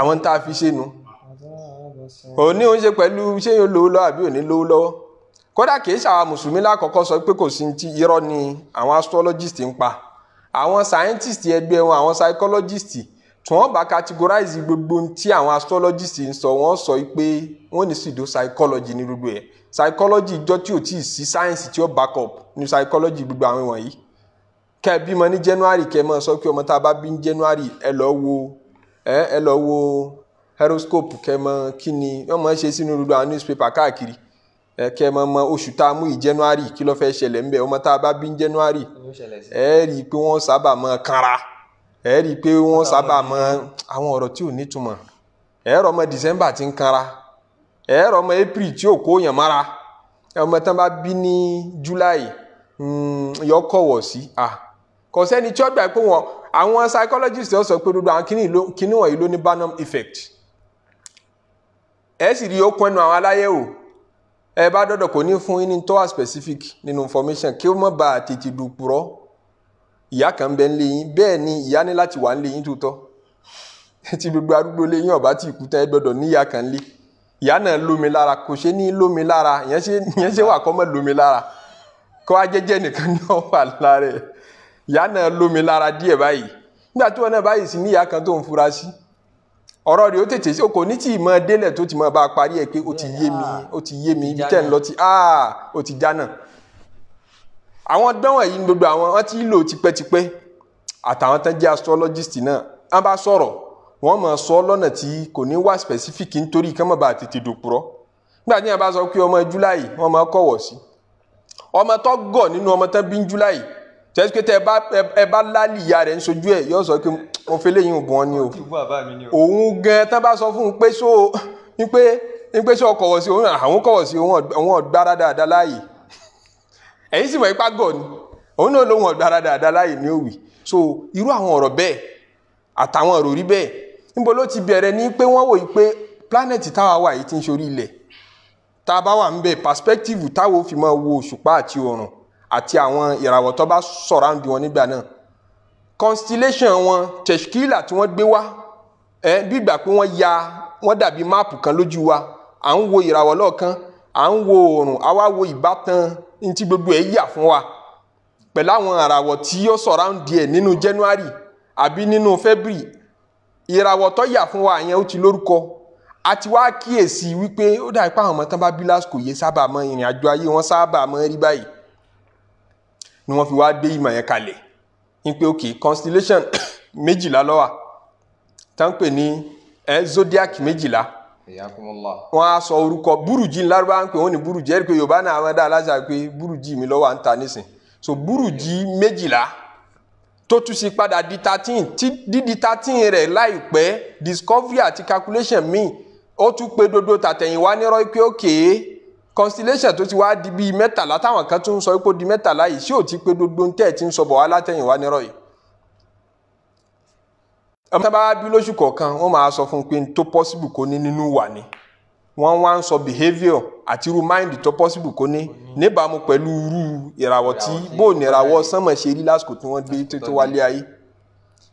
àwọn tá a fi ṣe nu òní òun ṣe pẹ̀lú ṣé yóò lówó lọ́wọ́ àbí òní lówó lọ́wọ́ kódà kìí ṣàwọn mùsùlùmí lákọ̀ọ́kọ́ sọ pé kò sí ti irọ́ ni àwọn astrologist ń pa àwọn scientist ẹgbẹ́ wọn àwọn psychologist tí wọ́n bá categorize gbogbo tí àwọn astrologist ń sọ wọ́n sọ pé wọ́n ní pseudo psychology ní gbogbo ẹ̀ psychology ìjọ tí ò tí ì sí sáyẹ́nsì tí ó back up ní psychology gbogbo àwọn wọ̀nyí kẹ bímọ ní January kẹ mọ sọ pé ọmọ tá a bá bí ní January ẹ lọ wo ẹ ẹ lọ wo horoscope kẹ mọ kí ni wọn mọ ṣe sínú gbogbo àwọn newspaper káàkiri ẹ kẹ mọ mọ oṣù tá a mú yìí January kí ló fẹ́ ṣẹlẹ̀ ńbẹ ọmọ tá a bá bí ní January ẹ rí i pé wọ́n sábà mọ kanra ẹ rí i pé wọ́n sábà mọ àwọn ọ̀rọ̀ tí ò nítumọ̀ ẹ rọ ọmọ December ti ń kanra ẹ̀rọ ọmọ april tí ò kó yàn mára ọmọ tán bá bí ní july hmm, yọ kọ̀wọ̀ sí a kò sẹ́ni tí ó gbà pé wọn àwọn psychologist ó sọ pé gbogbo àwọn kíní wọ̀nyí ló ní Barnum effect ẹ sì rí okun ẹnu àwọn aláyẹ̀wò ẹ bá dọ́dọ̀ kò ní fún yín tó wà specific nínú information kí ó má bàa tètè dùpùrọ́ ìyá kan bẹ ń lé yín bẹ́ẹ̀ ni ìyá ní láti wà ń lé yín tó tọ́ ti gbogbo arúgbó lé yín ọ̀bá tí ìkúta ẹ gbọ́dọ̀ níyà kan lé yín ìyá náà lómi lára kò ṣe ní lómi lára ìyẹn ṣe ìyẹn ṣe wà kọ́ mọ́ lómi lára kọ́ ajẹ́jẹ́ nìkan ní ọ̀wà lára ẹ̀ ìyá náà lómi lára díẹ̀ báyìí nígbà tí wọn náà báyìí sí ní kan tó ń fura sí ọ̀rọ̀ rẹ̀ ó tètè sí òkò ní tí ì mọ délẹ̀ tó ti mọ bá a parí ẹ̀ pé ó ti yé mi ah, ó ti yé mi ibi tẹ́ ń lọ ti áà ah, ó ti já náà àwọn dánwò yìí gbogbo àwọn wọn ti lò tipẹ́tipẹ́ àtàwọn tán jẹ́ astrologist náà wọn bá sọ̀rọ̀ wọ́n máa sọ lọ́nà tí kò ní wá specific nítorí kí wọ́n bá tètè dòpùrọ́ nígbà tí wọ́n bá sọ pé ọmọ July wọ́n máa kọ̀wọ̀ sí ọmọ tó gọ̀ nínú ọmọ tán bí ń July tẹ́sí pé tẹ́ ẹ bá lálì ìyá rẹ̀ ń sojú ẹ̀ yóò sọ pé mo fẹ́ lẹ́yìn ògùn ọ ni o òun gan tán bá sọ fún un pé so ni pé ni pé so kọ̀wọ̀ sí òun àwọn kọ̀wọ̀ sí òun ọ̀gbára dáadáa láàyè ẹ̀yìn sì mọ̀ ipá gọ̀ ni òun náà lóun ọ̀gbára dáadáa láàyè ni ó wì so irú àwọn ọ̀rọ̀ bẹ́ẹ̀ àtàwọn ọ̀rọ̀ rí bẹ́ẹ̀ níbo ló ti bẹ̀rẹ̀ ní pé wọ́n wòye pé planẹ̀tì táwa wà yìí ti ń sórí ilẹ̀ tá a bá wà ń bẹ̀ perspective táwo fi máa wo òṣùpá àti òrùn àti àwọn ìràwọ̀ tó bá surround wọn nígbà náà constellation wọn teshkila tí wọ́n gbé wá ẹ bígbà pé wọ́n ya wọ́n dàbí máàpù kan lójú wa à ń wo ìràwọ̀ lọ́ọ̀kan à ń wo òrùn àwa wo ìbátan ní ti gbogbo ẹ̀ yà fún wa pẹ̀lú àwọn àràwọ̀ tí yóò surround ẹ̀ nínú January àbí nínú February ìràwọ̀ tó yà fún wa yẹn ó ti lórúkọ a ti wá kíyèsí wípé ó dà pé àwọn ọmọ tán bá bí lásìkò yìí sábà mọ ìrìn àjò ayé wọn sábà mọ rí báyìí ni wọ́n fi wá gbé ìmọ̀ yẹn kalẹ̀ ní ok constellation méjìlá ló wà pè ní zodiac méjìlá wọ́n á sọ orúkọ burújí ńlárúbá ń pè wọ́n ní burújí ẹ̀rí pé yorùbá náà àwọn dá aláṣà pé burújí mi ló wà ń ta nísìn so burújí méjìlá. Yeah tó tún sí padà di thirteen tí dídi thirteen rẹ̀ láìpẹ́ discovery àti calculation míì ó tún pe dodo tàtẹ̀yìnwá nírọ́ pé òkè constellation tó ti wá di bíi mẹ́tàlá táwọn kan tún ń sọ pé ó di mẹ́tàlá yìí ṣé ò ti pe dodo ń tẹ́ ẹ̀ ti ń sọ bọ̀ wá látẹ̀yìnwá nírọ́ yìí. ọmọ tí wọ́n bá bí lóṣù kọ̀ọ̀kan wọ́n máa sọ fún un pé tó possible kó ní nínú wà ni wọ́n wá ń sọ behaviour àti irú mind tó possible kó ní níbàámu pẹ̀lú irú ìràwọ̀ tí bóun ní ìràwọ̀ sánmọ̀ ṣe rí lásìkò tí wọ́n dé tó wálé ayé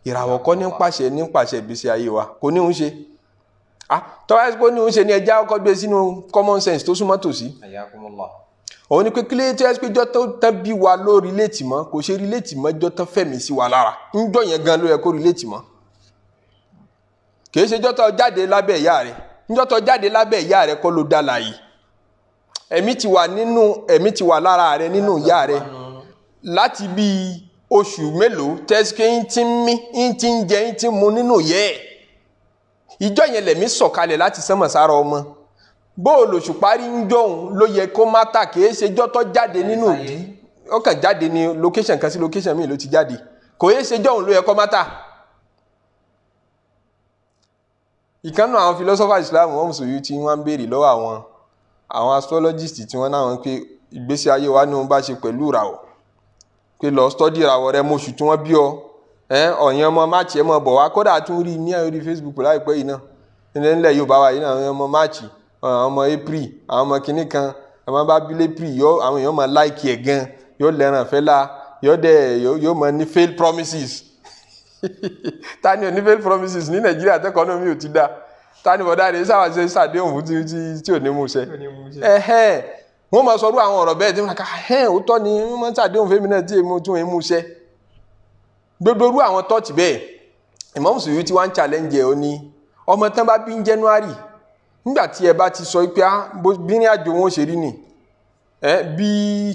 ìràwọ̀ kọ́ ní pàṣẹ ní pàṣẹ ìgbésí ayé wa kò ní ń ṣe ah tọ́wá ẹ̀sìn kò ní ń ṣe ni ẹja ọkọ̀ gbé sínú common sense tó súnmọ́ tòsí. òun ni pé kílé tó ẹ̀sìn pé jọ́ tó tán bí wa ló relate mọ́ kò ṣe relate mọ́ jọ́ tán fẹ̀mí sí wa lára ńjọ́ yẹn gan ló yẹ kó relate mọ́ kì í ṣe jọ́ tó jáde lábẹ́ ìyá njọ́tọ̀ jáde lábẹ́ ìyá rẹ kọ́ ló dá láàyè ẹ̀mí ti wà nínú ẹ̀mí ti wà lára rẹ nínú ìyá rẹ láti bí oṣù mélòó tẹ́síkẹ́ ń ti mí ń ti ń jẹ ń ti mu nínú yẹ ẹ̀ ìjọ yẹn lẹ̀mí sọ̀kalẹ̀ láti sánmọ̀ sára ọmọ bóòlù ṣùparí ń jọ̀hún ló yẹ kó má tà kìí ṣe jọ́tọ̀ jáde nínú ọkàn jáde ní location kan sí location mi ló ti jáde kò yẹ ṣe jọ̀hún ló yẹ kó má tà. ìkànnà àwọn philosopher islam wọn mùsùlùmí tí wọ́n ń béèrè lọ́wọ́ àwọn àwọn astrologist tí wọ́n náwọn pé ìgbésí ayé wa ní wọ́n bá ṣe pẹ̀lú ìràwọ̀ pé lọ study ìràwọ̀ rẹ mọṣù tí wọ́n bí ọ ọ̀yàn ọmọ máàchì ẹ mọ bọ̀ wá kódà tún rí ní orí facebook láìpẹ́ yìí náà ilẹ̀ ńlẹ̀ yorùbá wa yìí náà àwọn ọmọ máàchì àwọn ọmọ april àwọn ọmọ kìnnì kan àwọn bá bí april yọ àwọn èèyàn máa láìkì ẹ̀ gan yóò lẹ́ràn fẹ́ la yóò dẹ̀ yóò máa ní failed promises ta ni onífẹ́ promises ní nàìjíríà tẹ́kọ̀ọ́ náà mi ò ti dá ta ni bọ̀dá rẹ̀ sábà ṣe ṣàdéhùn fún tí ò ní mú ṣẹ. wọ́n máa sọ̀rọ̀ àwọn ọ̀rọ̀ bẹ́ẹ̀ tí wọ́n ká ẹ̀ ó tọ́ ni wọ́n máa ń ṣàdéhùn fẹ́mi náà tí wọ́n ń mú ṣẹ. gbogbo irú àwọn tọ́ọ̀tì bẹ́ẹ̀ Imam Suyuti wá ń challenge ẹ̀ ó ní ọmọ tán bá bí ń January nígbà tí ẹ bá ti sọ pé ah, bí ní àjò wọn ṣe rí ni bí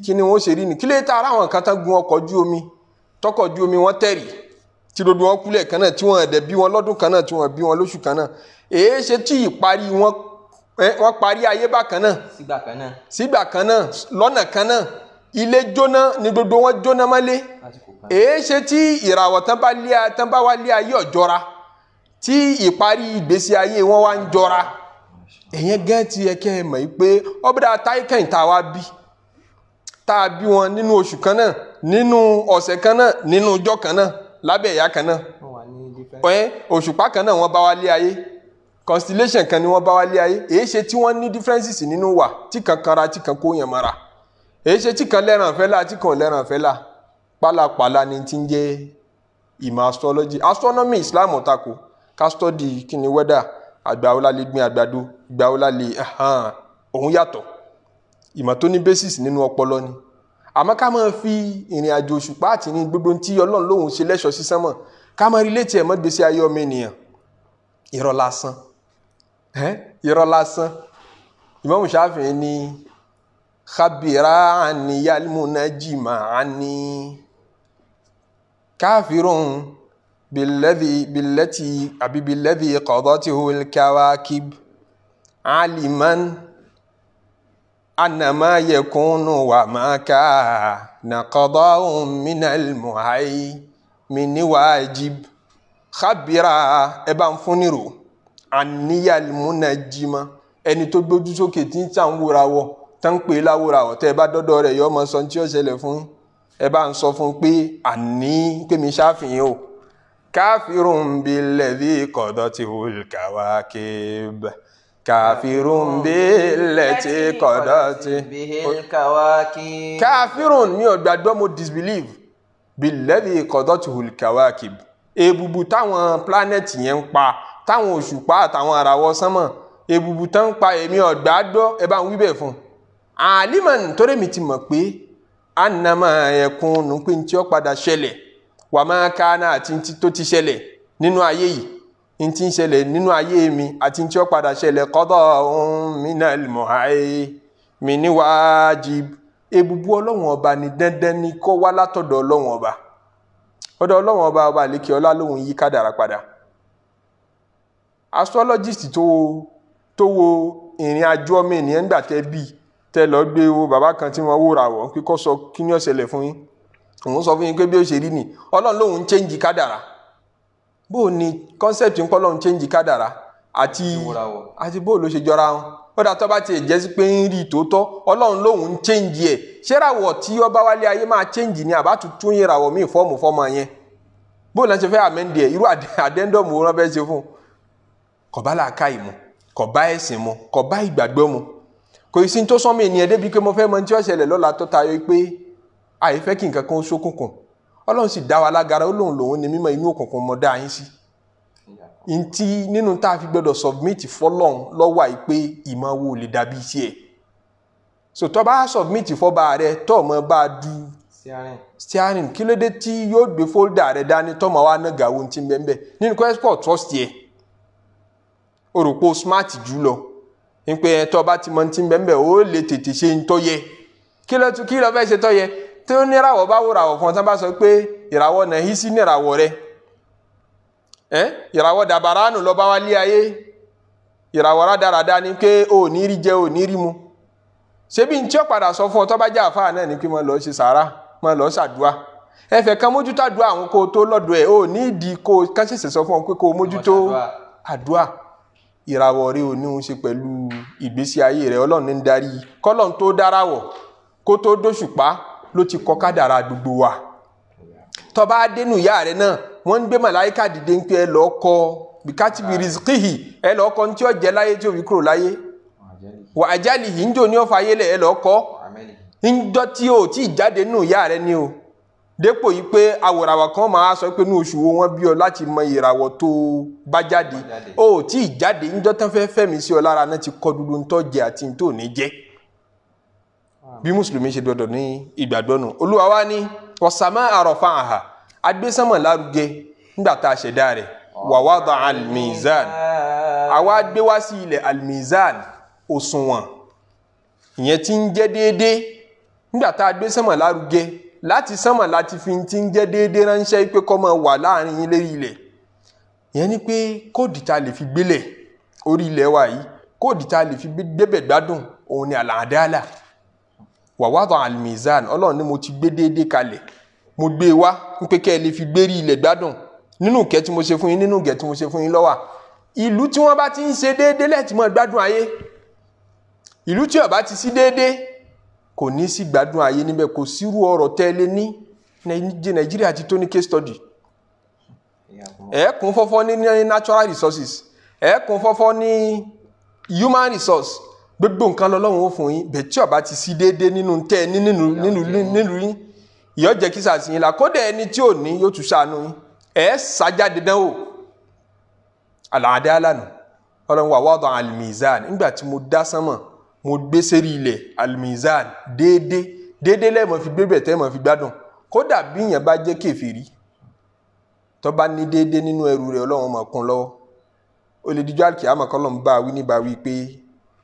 kíni wọn ṣe rí ni kí lè ta ara àwọn kan tán gun ọkọ̀ ojú omi tọkọ̀ ojú omi wọn tẹ̀rì tí dodo wọn kúlẹ̀ kan náà tí wọn ẹ̀dẹ̀ bí wọn lọ́dún kan náà tí wọn bí wọn lóṣù kan náà èé ṣe tí ìparí wọn wọn parí ayé bákan náà sígbà kan náà sígbà kan náà lọ́nà kan náà ilé jóná ni dodo wọn jóná mọ́lé èé ṣe tí ìràwọ̀ tán bá lé tán bá wá lé ayé ọ̀jọ́ra tí ìparí ìgbésí ayé wọn wá ń jọra èyàn gẹ́ẹ́ ti yẹ kẹ́ ẹ mọ̀ pé ọ̀bẹ̀dà táìkẹ́yìn tá a wá bí tá a bí wọn nínú oṣù kan náà nínú ọ̀sẹ̀ kan náà nínú ọjọ́ kan náà lábẹ́ ìyá kan náà ọ̀yẹ́ òṣùpá kan náà wọ́n bá wá lé ayé constellation kan ni wọ́n bá wá lé ayé èyí ṣe tí wọ́n ní differences nínú wà tí kan kanra tí kan kó yẹn mara èyí ṣe tí kan lẹ́ràn fẹ́lá tí kan lẹ́ràn fẹ́lá pálapàla ni ti ń jẹ́ ìmọ̀ astrology astronomy Islam ọ̀tako kásítọ́dì kí ni wẹ́dà àgbàwọlá lè gbin àgbàdo ìgbàwọlá lè òun yàtọ̀ ìmọ̀ tó ní basis nínú ọpọlọ ni. Uh -huh àmọ́ ká máa fi ìrìn àjò òṣùpá àti ní gbogbo tí ọlọ́run lòun ṣe lẹ́ṣọ́ sí sánmọ̀ ká máa rí létí ẹ̀ mọ́ gbèsè ayé ọmọ ènìyàn irọ́ lásán irọ́ lásán Imam Shafi'i ní khabira ani yalmuna jima ani kafirun billadhi billati àbí billadhi qadatihu al anama yakunu wa ma kana qada'un min al-muhay min wajib khabira ẹ bá ń fún nírò aniyal munajjima ẹni tó gbójú sókè tí ń tàn wúra wọ tán pè é láwúrawọ tẹ ẹ bá dọdọ rẹ yọ ọmọ sọ tí ó ṣẹlẹ̀ fún ẹ bá ń sọ fún pé àní pèmí ṣáfihàn o káfírùn bil ladhi qadatihu al-kawakib bẹ́ẹ̀ kàfírùn bílẹ̀tì kọ̀dọ̀tì. kàfírùn mi ò gbàgbọ́ mo disbelieve bílẹ̀tì kọ̀dọ̀tì hulkawakib ebubu táwọn planẹ̀tì yẹn ń pa táwọn òṣùpá àtàwọn àràwọ̀ sánmọ̀ ebubu tán ń pa èmi ò gbàgbọ́ ẹ bá ń wí bẹ́ẹ̀ fún un. àlìmọ̀nì tó rẹ̀ mi ti mọ̀ pé anamọ ẹ̀kún nùpé ní tí ó padà ṣẹlẹ̀ wàmákaná àti tó ti ṣẹlẹ̀ nínú ayé yìí n ti ń ṣẹlẹ̀ nínú ayé mi àti n tí ó padà ṣẹlẹ̀ kọ́dọ̀ minal muhaimini wajib ebubu ọlọ́wọ̀n ọba ni dandan ni kó wá látọ̀dọ̀ ọlọ́wọ̀n ọba ọ̀dọ̀ ọlọ́wọ̀n ọba ọba àlékè ọlá lòun yí kádàrá padà astrologist tó wo tó wo ìrìn àjò ọmọ ènìyàn nígbà tẹ́ bí tẹ́ lọ gbé wo bàbá kan tí wọ́n wòrà wọ̀ kíkọ́ sọ kí ni ó fún yín òun sọ fún yín pé bí ó ṣe rí ni ọlọ́run lòun ń chẹ́ǹjì kádàrá bó ni concept ń pọ́lọ́ ń change kádàrá àti àti bó ló ṣe jọra wọn kódà tó bá ti jẹ́ sí pé ń rí tòótọ́ ọlọ́run lòun ń change ẹ̀ ṣẹ́ràwọ̀ tí ọba wálé ayé máa change ni àbá tuntun yẹn ràwọ̀ míì fọ́ọ̀mù fọ́ọ̀mù yẹn lọ́n ṣe fẹ́ àmẹ́ndì ẹ̀ irú wọn fẹ́ ṣe fún kò bá làákà yìí mu kò bá ẹ̀sìn mu kò bá ìgbàgbọ́ mu kò sí tó sọ́mọ ènìyàn débi pé mo fẹ́ mọ tí ọlọ́run sì dá wa lágara ó lóun lòun ní mímọ́ inú òkùnkùn mọ́ dá yín sí ntí nínú tá a fi gbọdọ̀ submit fọlọ́run lọ́wọ́ àìpé ìmọ̀ wo lè dàbí iṣẹ́ ẹ̀ so tó bá submit fọba rẹ tó ọmọ bá a du steering kí ló dé tí yóò gbé fóldà rẹ dání tó ọmọ wa náà gàwó ti bẹ́ẹ̀ nínú export trust yẹ o rò pé o smart jù lọ nípa ẹ̀ tó ọba ti mọ ti bẹ́ẹ̀ ó lè tètè ṣe ń yẹ kí ló fẹ́ ṣe tọ́ yẹ tí ó níràwọ̀ bá wò ràwọ̀ kan tán bá sọ pé ìràwọ̀ náà hí sí níràwọ̀ rẹ ìràwọ̀ dàbàránù lọ bá wá lé ayé ìràwọ̀ rádaràdá ni pé o ò ní rí jẹ o ò ní rí mu ṣebí n tí ó padà sọ fún ọ tó bá jẹ́ àfáà náà ni pé mo lọ ṣe sàárà mo lọ ṣàdúà ẹfẹ̀ kan mójútó àdúà àwọn kó o tó lọ́dọ̀ ẹ̀ o ò ní ìdí kó o kán ṣèṣe sọ fún ọ pé kó o mójútó àdúà ìràwọ̀ rí o ní òun ṣe pẹ̀lú ìgbésí ayé rẹ̀ ọlọ́run ń darí kọ́lọ́run tó dáráwọ̀ kó tó dóṣùpá ló ti kọ kádàrá gbogbo wa tó bá dénú ìyá rẹ náà wọ́n ń gbé màláìka dìde ń pé ẹ lọ́ọ́ kọ bìkátì bí rìsíkìhì ẹ lọ́ọ́ kọ ní tí ó jẹ láyé tí ó fi kúrò láyé wà àjálì yìí ń jò ní ọ̀fà ayélẹ̀ ẹ lọ́ọ́ kọ́ ń dọ́ tí o tí ì nù ìyá rẹ ni o dépò yìí pé awòràwà kan máa sọ pé ní oṣù wo wọ́n bí ọ láti mọ ìràwọ̀ tó bá jáde o tí ì jáde ń dọ́ tán fẹ́ fẹ́mi sí ọ lára náà ti kọ́ dúdú ń tọ́ àti ń tó ní jẹ́ bí mùsùlùmí ṣe gbọdọ̀ ní ìgbàgbọ́ nù olúwa wa ní ọ̀sàmá àròfà àhà agbésánmọ̀ lárugẹ nígbà tá a ṣẹ̀dá rẹ̀ wàwádà almizan àwa gbé wá sí ilẹ̀ almizan òṣùwọ̀n ìyẹn ti ń jẹ́ déédéé nígbà tá a gbé sánmọ̀ lárugẹ láti sánmọ̀ láti fi ti ń jẹ́ déédéé ránṣẹ́ pé kọ́ máa wà láàrin yín ilẹ̀ ìyẹn ni pé kóòdì tá lè fi gbélẹ̀ orí ilẹ̀ wa yìí kóòdì tá lè fi gbébẹ̀ gbádùn òun ni àlàádáàlà wàwádọ̀ almizan ọlọ́run ni mo ti gbé déédéé kalẹ̀ mo gbé e wá ń pé kẹ́ ẹ lè fi gbérí ilẹ̀ gbádùn nínú ìkẹ́ tí mo ṣe fún yín nínú ìkẹ́ tí mo ṣe fún yín lọ́wà ìlú tí wọ́n bá ti ń ṣe déédéé lẹ́ẹ̀tì mọ́ gbádùn ayé ìlú tí ó bá ti sí déédéé kò ní sí gbádùn ayé níbẹ̀ kò sírú ọ̀rọ̀ tẹ́lẹ̀ ní nàìjíríà ti tó ní case study ẹ̀ẹ́kùn fọ́fọ́ ní natural resources ẹ̀ẹ́kùn fọ́fọ́ ní human resources gbogbo nǹkan lọ́lọ́run ó fún yín bẹ̀tí ọ̀bá ti sí déédéé nínú tẹ́ ẹ ní nílùú yín ìyọ́ jẹ́ kí sàsìn yín la kódà ẹni tí ò ní yóò tún ṣàánú yín ẹ̀ ṣàjáde dánwò àlàáde alànà ọlọ́run wà wọ́dọ̀ almizan nígbà tí mo dá sánmọ̀ mo gbé sérí ilẹ̀ almizan déédéé déédéé lẹ́ẹ̀mọ́ fi gbé bẹ̀tẹ́ mọ́ fi gbádùn kódà bí ìyẹn bá jẹ́ kèfèrí tó bá ní déédéé nínú ẹrù rẹ̀ ọlọ́run mọ̀ kún lọ́wọ́ ó lè dijọ́ àlùkìyàmọ̀ kọ́lọ́ ń bá wí ní bá wí pé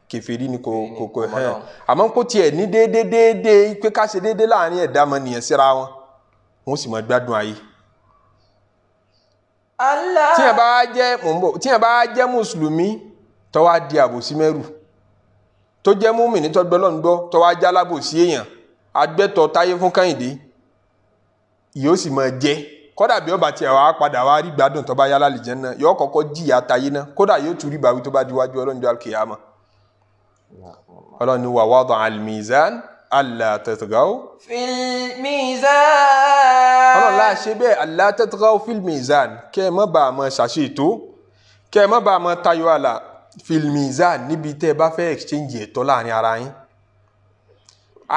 Kefiri ni koko, kò kò hẹ́n àmọ́ kò tiẹ̀ ní déédéé déédéé pé ká ṣe déédéé láàrin ẹ̀dá ọmọnìyàn síra wọn wọn sì máa gbádùn ayé. Allah. tíyẹn bá jẹ́ mò ń bọ̀ tíyẹn bá jẹ́ mùsùlùmí tó wá di àbòsí mẹ́rù tó jẹ́ múmìnì tó gbọ́ lọ́nùgbọ́ tó wá já lábòsí èèyàn agbẹ́tọ̀ táyé fún Kẹ́hìndé yóò sì máa jẹ́ kódà bí ọba tiẹ̀ wá padà wá rí gbádùn tó bá yá lálẹ́ náà yóò kọ́kọ́ jìyà táyé náà kódà yóò tún rí bàwí tó bá di wájú ọlọ́njọ́ àkèyàmọ́ ọlọ́run ni wà wọ́dọ̀ al-mizan alla tatghaw. fil-mizan. ọlọ́run láà ṣe bẹ́ẹ̀ alla tatghaw fil-mizan kẹ́ ẹ má bà á mọ́ ṣàṣì tó kẹ́ ẹ má bà á mọ́ tayọ àlà fil-mizan níbi tẹ́ ẹ bá fẹ́ exchange ẹ̀tọ́ láàrin ara yín.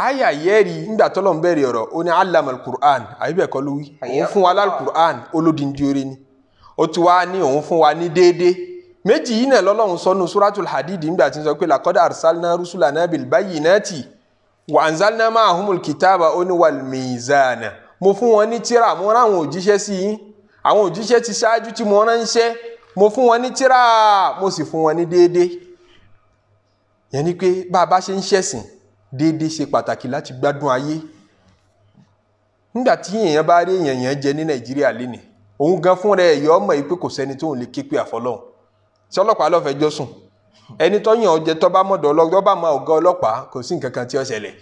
àyà yẹ́rì ńgbà tọ́lọ̀ ń bẹ̀rẹ̀ ọ̀rọ̀ ó ní allama al-Qur'an àyíbẹ̀kọ́ ló òun fún wa lálùkùrán olódìndíore ni ó ti wá ní òun fún wa ní déédéé méjì yìí náà lọ́lọ́run sọ́nu suratul hadid ńgbà tí ń sọ pé lakọ́dà arsalna rusulana bil bayyinati wa anzalna ma'ahumul kitaba oni wal mizana mo fún wọn ní tírà mo rán àwọn òjíṣẹ́ sí yín àwọn òjíṣẹ́ ti ṣáájú tí mo ránṣẹ́ mo fún wọn ní tírà mo sì fún wọn ní déédéé yẹn ni pé bá a bá ṣe ń ṣẹ̀sìn déédéé ṣe pàtàkì láti gbádùn ayé nígbà tí èèyàn bá rí èèyàn yẹn jẹ ní nàìjíríà lénìí òun gan fúnra ẹ̀ yọ ọmọ yìí pé kò sẹ́ni tóun lè ké àfọlọ́hún tí ọlọ́pàá lọ́ọ́ fẹjọ́ sùn ẹni tó yàn ọjẹ tó bá mọ̀dọ̀ ọlọ́gbọ́n bá mọ ọ̀gá ọlọ́pàá kò sí nǹkan kan tí ó ṣẹlẹ̀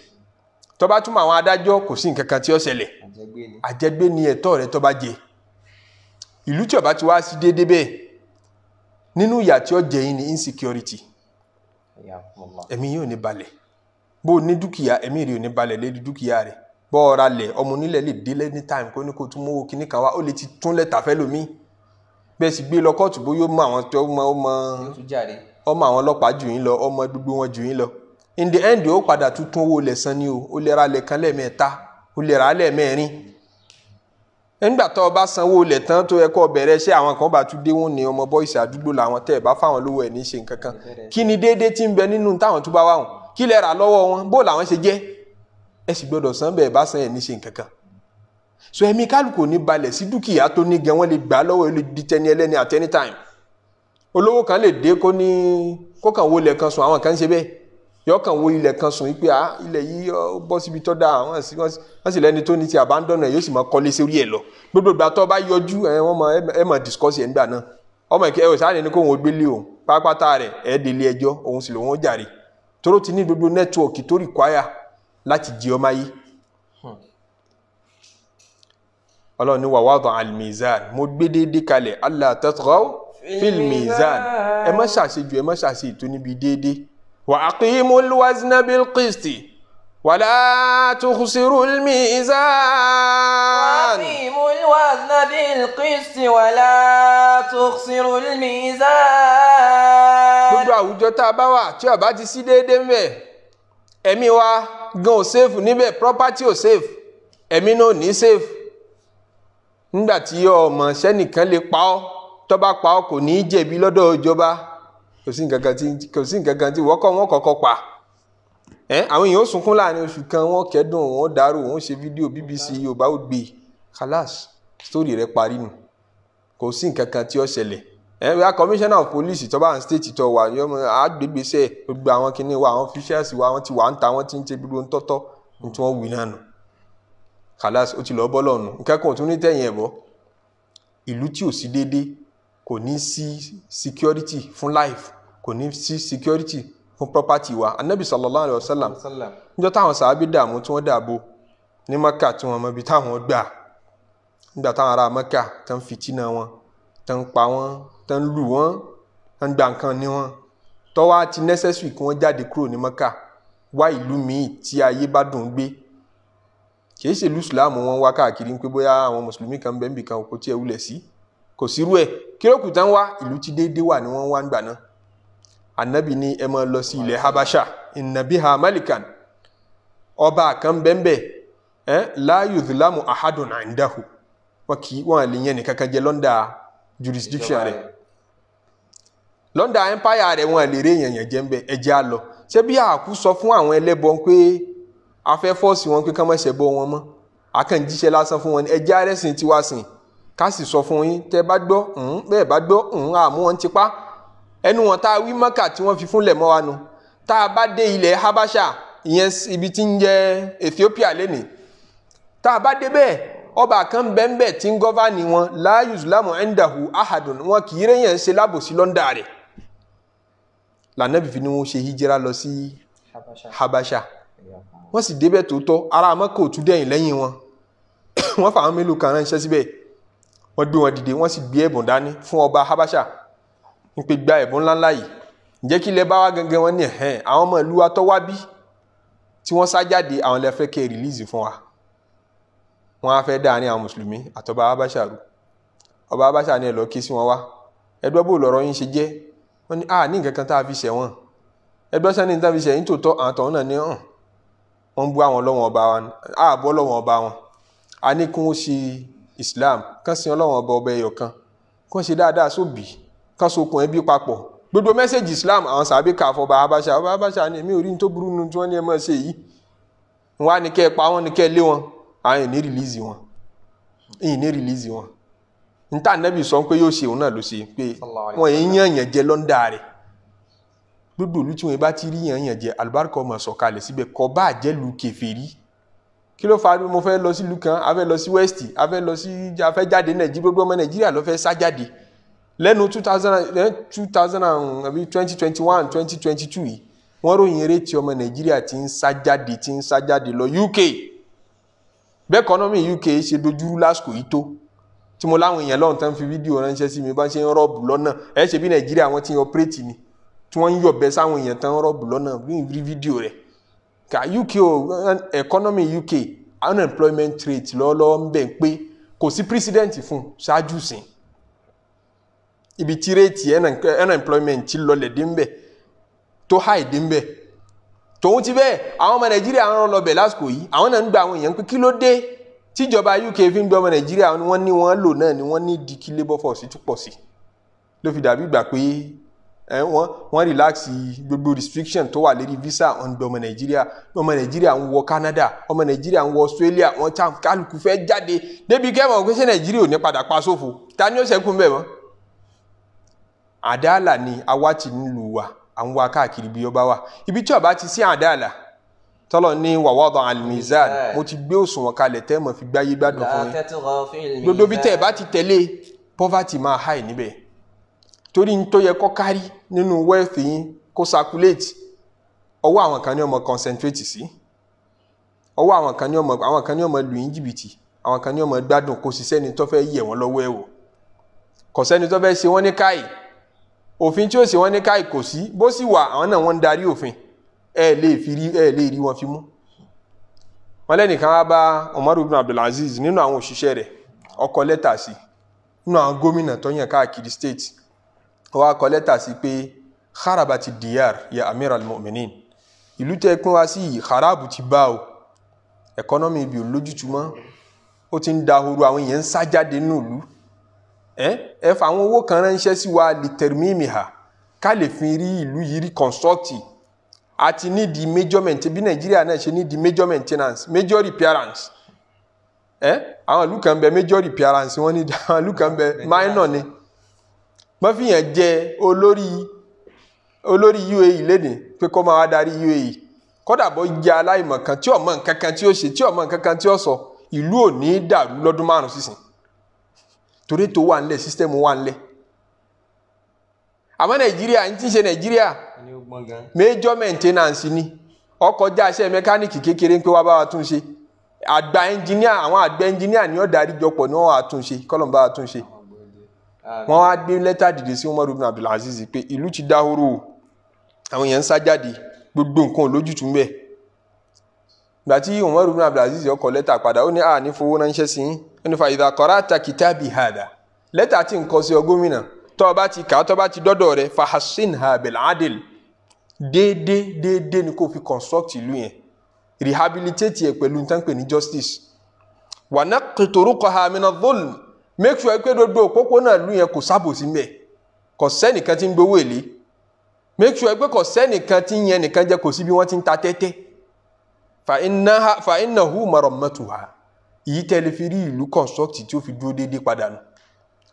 tó bá túmọ̀ àwọn adájọ́ kò sí nǹkan kan tí ó ṣẹlẹ̀ àjẹgbé ni ẹ̀tọ́ rẹ tó bá jẹ ìlú tí ó bá ti wá sí déédéé bẹ́ẹ̀ nínú ìyà tí ó jẹ yín ni insecurity ẹ̀mí yóò ní balẹ̀ bó o ní dúkìá ẹ̀mí rẹ̀ ò ní balẹ̀ lédi dúkìá rẹ̀ bọ́ ọ̀ra lẹ̀ ọmọ onílẹ̀ lè délé ní time kó ní kó tún mówó kíní kan wá ó lè ti tún lẹ́tà fẹ́ lómi bẹ́ẹ̀ sì gbé lọ kóòtù bóyá ó mọ àwọn tó mọ ó mọ ọmọ àwọn ọlọ́pàá jù yín lọ ọmọ gbogbo wọn jù yín lọ in the end ó padà tuntun owó lẹ̀sán ni o ó lẹ́ra lẹ́kan lẹ́ẹ̀mẹ́ta ó lẹ́ra lẹ́ẹ̀mẹ́rin nígbà tó o bá sanwó lẹ̀ tán tó yẹ kó o bẹ̀rẹ̀ iṣẹ́ àwọn kan bá tún dé wọn ní ọmọ bọ́ìsì àdúgbò làwọn tẹ̀ bá fáwọn lówó ẹ̀ ní ṣe nǹkan kan kí ni déédéé ti ń bẹ nínú táwọn tó bá wà wọn kí lẹ lọ́wọ́ wọn bó làwọn ṣe jẹ́ ẹ sì gbọ́dọ̀ san bẹ́ẹ̀ bá san ẹ̀ ní ṣe nǹkan so ẹ̀mí kálukú ní balẹ̀ sí dúkìá tó ní gẹ̀ wọ́n lè gbà lọ́wọ́ ẹ̀ lè di tẹni ẹlẹ́ni at any time olówó kan lè dé kó ní kó kàn wo ilẹ̀ kan sùn àwọn kan ń ṣe bẹ́ẹ̀ yọ kàn wo ilẹ̀ kan sùn wípé ah ilẹ̀ yìí bọ́ síbi tọ́ da àwọn sí wọ́n sì lẹ́ni tó ní ti abandon ẹ̀ yóò sì máa kọ́lé sí orí ẹ̀ lọ gbogbo ìgbà tó bá yọjú ẹ̀ wọ́n máa ẹ̀ máa discuss ẹ̀ nígbà náà ọmọ ìkẹ́ ẹ̀ sáà ní kó òun gbélé òun pápátá rẹ̀ ẹ̀ délé ẹjọ́ òun sì lòun ó jàre toró ti ní gbogbo nẹ́tíwọ̀kì tó require láti jí ọmọ yìí ọlọ́run ní wa wada al-mizan mo gbé déédéé kalẹ̀ allah tatghaw fil mizan ẹ má ṣàṣejù ẹ má ṣàṣe ètò níbi déédéé wa aqimul wazna bil qisti wala tukhsirul mizan. aqimul wazna bil qisti wala tukhsirul mizan. gbogbo àwùjọ tá a bá wà tí ó ti sí déédéé ń bẹ ẹ̀mí wa gan ò safe níbẹ̀ property ò safe ẹ̀mí náà ò ní safe nígbà tí ọmọ sẹ́nìkan lè pa ọ́ tó bá pa ọ́ kò ní í jẹ̀bi lọ́dọ̀ ìjọba kò sí nǹkan kan tí kò sí nǹkan kan tí wọ́kọ̀ wọn kọ̀kọ́ pa ẹ àwọn èèyàn ó sunkún láàrin oṣù kan wọn kẹ́dùn wọn dárò wọn ṣe fídíò BBC Yorùbá ó gbé kálás sítórì rẹ̀ parí nù kò sí nǹkan kan tí ó ṣẹlẹ̀ ẹ wíwá commissioner of police tó bá ń state tó wà yọmọ àgbègbèsẹ gbogbo àwọn kinní wa àwọn officials wa wọn ti wà ń ta wọn ti ń ṣe gbogbo ń tọ́tọ́ ní tí wọ́n wí náà nù kàlàs ó ti lọ bọ́ lọ́nu ìkẹ́kọ̀ọ́ tún ní tẹ̀yìn ẹ̀ bọ́ ìlú tí ò sí déédéé kò ní sí security fún life kò ní sí security fún property wa anabi sallallahu alayhi wa sallam níjọ́ táwọn sàábì dààmú tí wọ́n dààbò ní maka tí wọ́n mọbi táwọn gbà nígbà táwọn ará maka tó ń fìtínà wọn tó ń pa wọn tó ń lù wọn tó ń gba nǹkan ní wọn tọ́wọ́ àti necessary kí wọ́n jáde kúrò ní maka wá ìlú míì tí ayé bá dùn gbé kì í ṣèlú ìsìláàmù wọn wá káàkiri pé bóyá àwọn mùsùlùmí kan bẹ́ẹ̀ nbì kan kò ẹ wulẹ̀ sí kò sírú ẹ̀ kírókù tán wá ìlú ti déédéé wà ni wọ́n wá ń gbà anabi ni ẹ máa lọ sí ilẹ̀ habasha ìnàbíhà malikan ọba kan bẹ́ẹ̀ láàyò ahadùn wọn kì í wọn lè yẹn nìkan kan jẹ lọ́ndà jurisdiction lọ́ndà wọn lè rí èèyàn jẹ́ ń ẹ á sọ fún àwọn ẹlẹ́bọn pé afẹ́ fọ́ọ̀sì wọn pé ká má ṣẹbọ wọn mọ́ akànjíṣẹ́ lásán fún wọn ni ẹjẹ́ arẹ́sìn tiwa sìn ká sì sọ fún yín tẹ́ bá gbọ́ bẹ́ẹ̀ bá gbọ́ àmú wọn ti pa ẹnu wọn tá a wí mọ́kà tí wọ́n fi fúnlẹ̀ mọ́ wa nu tá a bá dé ilẹ̀ habasha ìyẹn ibi tí ń jẹ Ethiopia lẹ́nìí tá a bá dé bẹ́ẹ̀ ọba kan bẹ́ẹ̀nbẹ́ tí ń gọ́vánì wọn láàyè ìsìlámù ẹ̀ńdàhù ahadùn wọn kì í rẹ́yìn ṣe lábòsí lọ́ndà rẹ̀ lànà bìbí ni wọ́n ṣe hijira lọ sí habasha. habasha wọ́n sì débẹ̀ tó tọ́ ara mọ́kà ò tún dẹ̀yìn lẹ́yìn wọn wọ́n fà àwọn mélòó kan ránṣẹ́ síbẹ̀ wọ́n gbé wọn dìde wọ́n sì gbé ẹ̀bùn dání fún ọba habasha ń pe gba ẹ̀bùn ńláńlá yìí ǹjẹ́ kí ilẹ̀ bá wá gangan wọn ní ẹ̀hẹ́n àwọn ọmọ ìlú wa tọ́ wá bí tí wọ́n sá jáde àwọn ilẹ̀ fẹ́ kẹ́ rìlíìsì fún wa wọ́n á fẹ́ dáàrin àwọn mùsùlùmí àtọba habasha rú ọba habasha ni ẹ lọ ké sí wọn wá ẹgbẹ́ bò lọ́rọ̀ yín ṣe jẹ́ wọ́n ní à ní nǹkan kan tá a fi ṣẹ̀ wọ́n ẹgbẹ́ sani tá a fi ṣẹ̀ yín tòótọ́ àtọ̀hún náà ní hàn wọ́n ń bú àwọn ọlọ́wọ́n ọba wọn àbú ọlọ́wọ́n ọba wọn a ní kí wọ́n ṣe islam kán sin ọlọ́wọ́n ọba ọba ẹyọ kan kán ṣe dáadáa sóbì kán sokùn ẹbí papọ̀ gbogbo mẹ́sẹ̀gì islam àwọn sàbí kà fọba abáṣà ọba abáṣà ni èmi ò rí ní tó burú nu tí wọ́n ní ẹ máa ṣe yìí wọ́n á ní kẹ́ ẹ pa wọ́n ní kẹ́ ẹ lé wọn àwọn ìní rìlíìsì wọn ìní rìlíìsì wọn níta nẹ́bì sọ pé yóò ṣe òun náà ló ṣe pé wọ́n yẹn yàn jẹ lọ́ńdà rẹ̀ gbogbo ìlú tí wọn bá ti rí yàn yàn jẹ àlùbáríkà ọmọ sọ̀kalẹ̀ síbẹ̀ kò bá jẹ́ lu kèfèrí kí ló fa mo fẹ́ lọ sí ìlú kan a fẹ́ lọ sí west a fẹ́ lọ sí a fẹ́ jáde nàìjíríà gbogbo ọmọ nàìjíríà ló fẹ́ sá jáde lẹ́nu two thousand two thousand àbí twenty twenty one twenty twenty two yìí wọ́n ròyìn eré tí ọmọ nàìjíríà ti ń sá jáde ti ń sá jáde lọ uk bẹ́ẹ̀ kọ́nọ́mì uk ṣe dojúrú lásìkò yìí tó tí mo láwọn èèyàn lọ́run tán fi fídíò ránṣẹ́ sí mi bá ṣe ń rọ́ọ̀bù lọ́nà ẹ̀ ṣe bí nàìjíríà wọ́n ti ń ọpẹ́rẹ́tì ni tí wọ́n ń bẹ sáwọn èèyàn tán rọ́ọ̀bù lọ́nà rí fídíò rẹ̀ ka UK o economy UK unemployment rate lọ́wọ́lọ́wọ́ ń bẹ̀ pé kò sí president fún ṣáájú sí ibi tí rate unemployment ti lọlẹ̀ dé bẹ̀ tó high dé bẹ̀ tòun ọmọ Nàìjíríà ń lásìkò yìí àwọn náà ń gba àwọn UK fi ń gbé ọmọ ni wọn lò náà ni labour force pọ̀ sí ló fi dàbí ẹ eh, wọ́n wọ́n relax gbogbo restriction tó wà lérí visa wọ́n gbé ọmọ nàìjíríà ọmọ nàìjíríà ń wọ canada ọmọ nàìjíríà ń wọ australia wọ́n cham kálukú fẹ́ jáde débi kẹ́mọ̀ pé ṣé nàìjíríà ò ní padà pa sófo ta ni ó ṣẹ́kù mbẹ́ mọ́. àdáàlà ni awa ti ń lù wá àwọn wa káàkiri bí ọba wa ibi tí ọba ti sí àdáàlà tọ́lọ̀ ní wàwọ́dọ̀ alimizan eh. mo ti gbé òṣùwọ̀n kalẹ̀ tẹ́ mọ̀ fi gbáyé gbádùn fún yín gbogbo bí tẹ́ ẹ bá ti tẹ̀lé poverty máa háì níbẹ̀ torí n tó yẹ kó kárí nínú wealth yín kó circulate ọwọ́ àwọn kan ní ọmọ concentrate sí ọwọ́ àwọn kan ní ọmọ àwọn kan ní ọmọ lù yín jìbìtì àwọn kan ní ọmọ gbádùn kò sì sẹ́ni tó fẹ́ yẹ̀ wọ́n lọ́wọ́ ẹ̀ wò kò sẹ́ni tó fẹ́ ṣe wọ́n ní wà àwọn náà wọ́n ń darí òfin ẹ fi rí ẹ lè rí wọn fi mú wọn bá umar ibn Abdulaziz nínú àwọn òṣìṣẹ́ rẹ̀ lẹ́tà sí nínú àwọn gómìnà tó yàn káàkiri wa kọ lẹ́tà sí pé kharabati diyar ya amir al-mu'minin ìlú tẹ́ pín wá sí yìí kharabu ti bá o ẹ̀kọ́nọ́mì ibi ò lójútùmọ́ ó ti ń dahoro àwọn èèyàn ń sá jáde nílùú ẹ ẹ fa àwọn owó kan ránṣẹ́ sí wa litermimiha ká lè fi rí ìlú yìí reconstruct àti nídìí measurement bí nàìjíríà náà ṣe nídìí major maintenance major repairance ẹ àwọn ìlú kan bẹ major repairance wọn ní àwọn ìlú kan bẹ minor ni. fi fìyàn jẹ olórí UAE léde pé kó máa darí UAE kódà bó jẹ́ aláìmọ̀ kan tí ọmọ nǹkan kan tí ó ṣe tí ọmọ nǹkan kan tí ó sọ ìlú ò ní dàrú lọ́dún márùn sísìn torí tó wà nílẹ̀ sísítẹ́mù wà nílẹ̀ àmọ́ nàìjíríà ń tí ń ṣe nàìjíríà ni ọkọ̀ já iṣẹ́ kékeré ń pé wá bá wa tún ni ó darí jọpọ̀ wọ́n wọ́n wá gbé lẹ́tà dìde sí Umar ibn Abdul Aziz pé ìlú ti dáhóró o àwọn èèyàn ń sá jáde gbogbo nǹkan lójútùú ń bẹ gbàtí Umar ibn Abdul Aziz ó kọ lẹ́tà padà ó ní à ní fowó ránṣẹ́ sí yín ó ní fa idha qara'ta kitabi hada lẹ́tà tí ń kọ sí ọ gómìnà tó o bá ti kà á tó o bá ti dọ́dọ̀ rẹ fahassinha bil adil déédéé déédéé ni kò fi construct ìlú yẹn rehabilitate yẹ pẹ̀lú ntánpẹ̀ ní justice wa naqqi turuqaha min adh-dhulm make sure pé gbogbo òpópónà ìlú yẹn kò sábòsí mbẹ̀ kò sẹ́nìkan tí ń gbowó èlé make sure pé kò sẹ́nìkan tí ń yẹn nìkan jẹ kò sí bí wọ́n ti ń ta tẹ́tẹ́ fa innahu marammatuha èyí tẹ́lẹ̀ fi rí ìlú construct tí ó fi dúró déédéé padà nù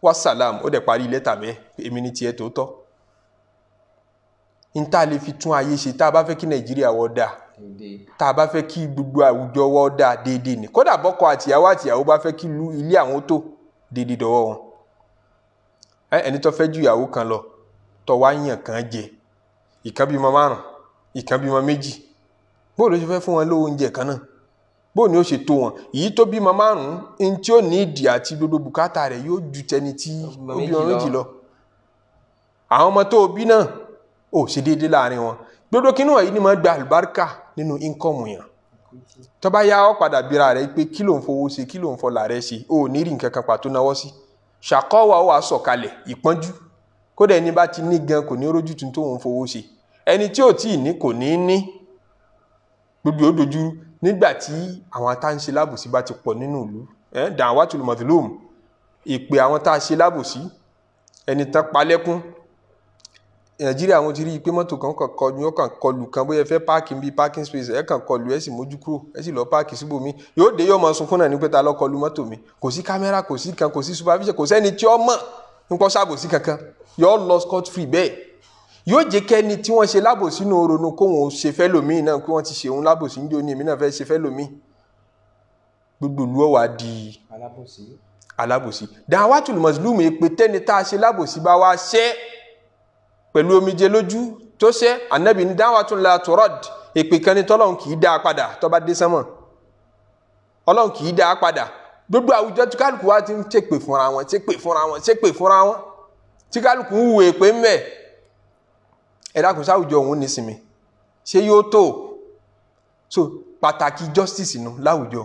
wasalam ó dẹ̀ parí lẹ́tà mẹ́ èmi ní tiẹ̀ tó tọ́ n ta lè fi tún ayé ṣe tá a bá fẹ́ kí nàìjíríà wọ́ dáa tá a bá fẹ́ kí gbogbo àwùjọ wọ́ dáa déédéé ni kódà bọ́kọ àtìyàwó àtìyàwó bá fẹ́ kí ilé àwọn tó dídí dọwọ́ wọn ẹ ẹni tó fẹ́ ju ìyàwó kan lọ tó wá yàn kan jẹ ìkan bímọ márùn ìkan bímọ méjì bó ló ṣe fẹ́ fún wọn lówó oúnjẹ kan náà bó ni ó ṣe tó wọn èyí tó bímọ márùn n tí ó ní ìdí àti gbogbo bùkátà rẹ̀ yóò ju tẹni tí ó bí méjì lọ àwọn ọmọ tó bí náà ò ṣe déédéé láàrin wọn gbogbo kínú ẹ̀ yìí ni mo gba àlùbáríkà nínú íńkọ́ọ̀mù yẹn tó bá yá ọ padà bíra rẹ pé kí ló ń fowó ṣe kí ló ń fọlà rẹ ṣe o ò ní rí nǹkan kan pàtó náwó sí ṣàkọ́wà ó wàá sọ̀kalẹ̀ ìpọ́njú kódà ẹni bá ti ní gan kò ní rójú tun tó ń fowó ṣe ẹni tí ò tí ì ní kò ní ní gbogbo ó dojú nígbà tí àwọn tá ń ṣe lábòsí bá ti pọ̀ nínú ìlú dàn wá tùlùmọ̀tìlóòmù ìpè àwọn tá a ṣe lábòsí ẹni tán palẹ́kún nàìjíríà wọn ti rí i pé mọ́tò kan kàn kọlu ó kàn kọlu kan bóyá ẹ fẹ́ páàkì níbi parking space ẹ kàn kọlu ẹ sì mójú kúrò ẹ sì lọ páàkì síbòmí yóò dé yóò mọ sunkún náà ní pé ta lọ kọlu mọ́tò mi kò sí kámẹ́rà kò sí kan kò sí supervision kò sẹ́ni tí ó mọ̀ nípa sábòsí kankan yóò lọ scot free bẹ́ẹ̀ yóò jẹ́ kẹ́ni tí wọ́n ṣe lábòsí náà ronú kó wọn ò ṣe fẹ́ lòmíì náà kí wọ́n ti ṣe òun lábòsí ní òní èmi náà fẹ́ ṣe fẹ́ lòmíì gbogbo ìlú ọ̀wà di alábòsí alábòsí dàwátùlùmọ̀sílùmù èpè tẹ́ni tá a ṣe lábòsí bá wá pẹ̀lú omijé lójú tó ṣe anabi ní dáwàtún la torod, èpè kan ní tọ́lọ́hún kì í dá a padà tó bá dé sánmọ̀ ọlọ́hún kì í dá a padà gbogbo àwùjọ tí kálukú wa ti ń ṣépè fúnra wọn ṣépè fúnra wọn ṣépè fúnra wọn tí ń wù èpè ń bẹ̀ ẹ sáwùjọ òun nísìmí ṣé yóò tó so pàtàkì justice nù láwùjọ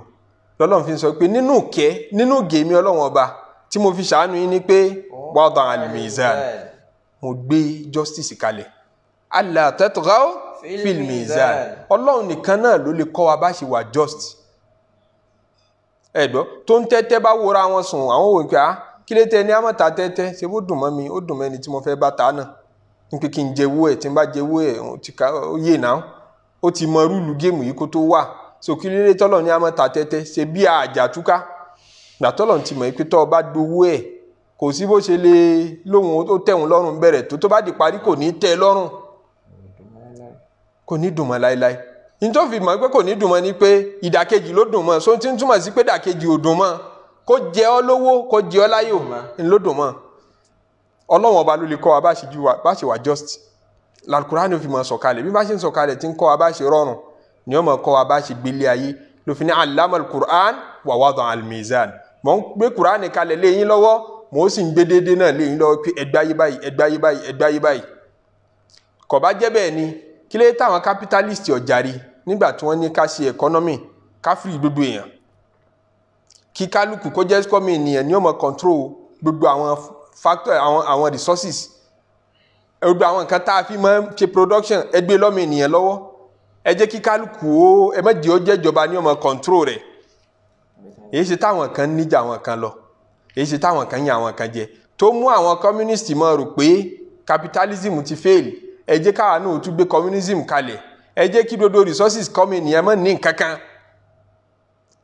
lọ́lọ́run fi sọ pé nínú kẹ́ nínú gèmí ọlọ́run ọba tí mo fi ṣàánú yín ni pé wàá dàn án mìíràn mo gbé justice kalẹ̀ allah tatghaw fil mizan ọlọ́run nìkan náà ló lè kọ́ wa bá ṣe wà just ẹ̀gbọ́n tó ń tẹ́tẹ́ bá wọra wọn sùn àwọn òwe pé ah kí lè tẹ ní àmọ́ta tẹ́tẹ́ ṣe bó dùn mọ́ mi ó dùn mẹ́ni tí mo fẹ́ bá ta náà n pé kí n ẹ̀ tí n bá jẹ ẹ̀ ó yè náà ó ti mọ rúùlù géèmù yìí kó tó wà so kí lè tọ́lọ̀ ní àmọ́ta tẹ́tẹ́ ṣe bí àjà túká gbàtọ́lọ̀ ti mọ̀ pé tọ́ ọ bá dowó ẹ̀ kò sí bó ṣe lè lóhun tó tẹ̀hún lọ́rùn bẹ̀rẹ̀ tó tó bá di parí kò ní tẹ́ lọ́rùn kò ní dùn mọ́ láéláé nítorí fi mọ̀ pé kò ní dùn mọ́ pé ìdàkejì ló dùn so ti ń túmọ̀ sí pé ìdàkejì ò dùn mọ́ kó jẹ ọ́ lówó kó jẹ ọ́ láyọ̀ ló dùn mọ́ ọba ló lè kọ́ wa bá ṣe wà just làlùkùránì fi mọ̀ sọ̀kalẹ̀ bí bá ṣe ń sọ̀kalẹ̀ ti ń kọ́ wa bá ṣe rọrùn ni ó mọ̀ kọ́ wa bá ṣe gbélé ayé lófin ní alama alukur'an wà wàdàn almizan mọ̀ ń gbé kur'an kalẹ̀ lé yín lọ́wọ́ mo sì ń gbé déédéé náà léyìn lọ pé ẹgbẹ́ ayé báyìí ẹgbẹ́ ayé báyìí ẹgbẹ́ ayé báyìí kò bá jẹ́ bẹ́ẹ̀ ni kí lè táwọn capitalist ọ̀jàre nígbà tí wọ́n ní ká ṣe economy ká fìrí gbogbo èèyàn kí kálukú kó jẹ́ kọ́mi ènìyàn ní ó control gbogbo àwọn factor àwọn àwọn resources gbogbo àwọn nǹkan tá a fi máa ń ṣe production ẹ gbé lọ́mọ ènìyàn lọ́wọ́ ẹ jẹ́ kí kálukú ó ẹ má ó jẹ́ ìjọba ní ó control rẹ̀ èyí ṣe táwọn kan níjà àwọn kan lọ èyí ṣe táwọn kan yàn àwọn kan jẹ tó mú àwọn communist mọ rò pé capitalism ti fail ẹ jẹ́ káwa náà tún gbé communism kalẹ̀ ẹ jẹ́ kí dodo resources kọ́mi ènìyàn mọ́ ní kankan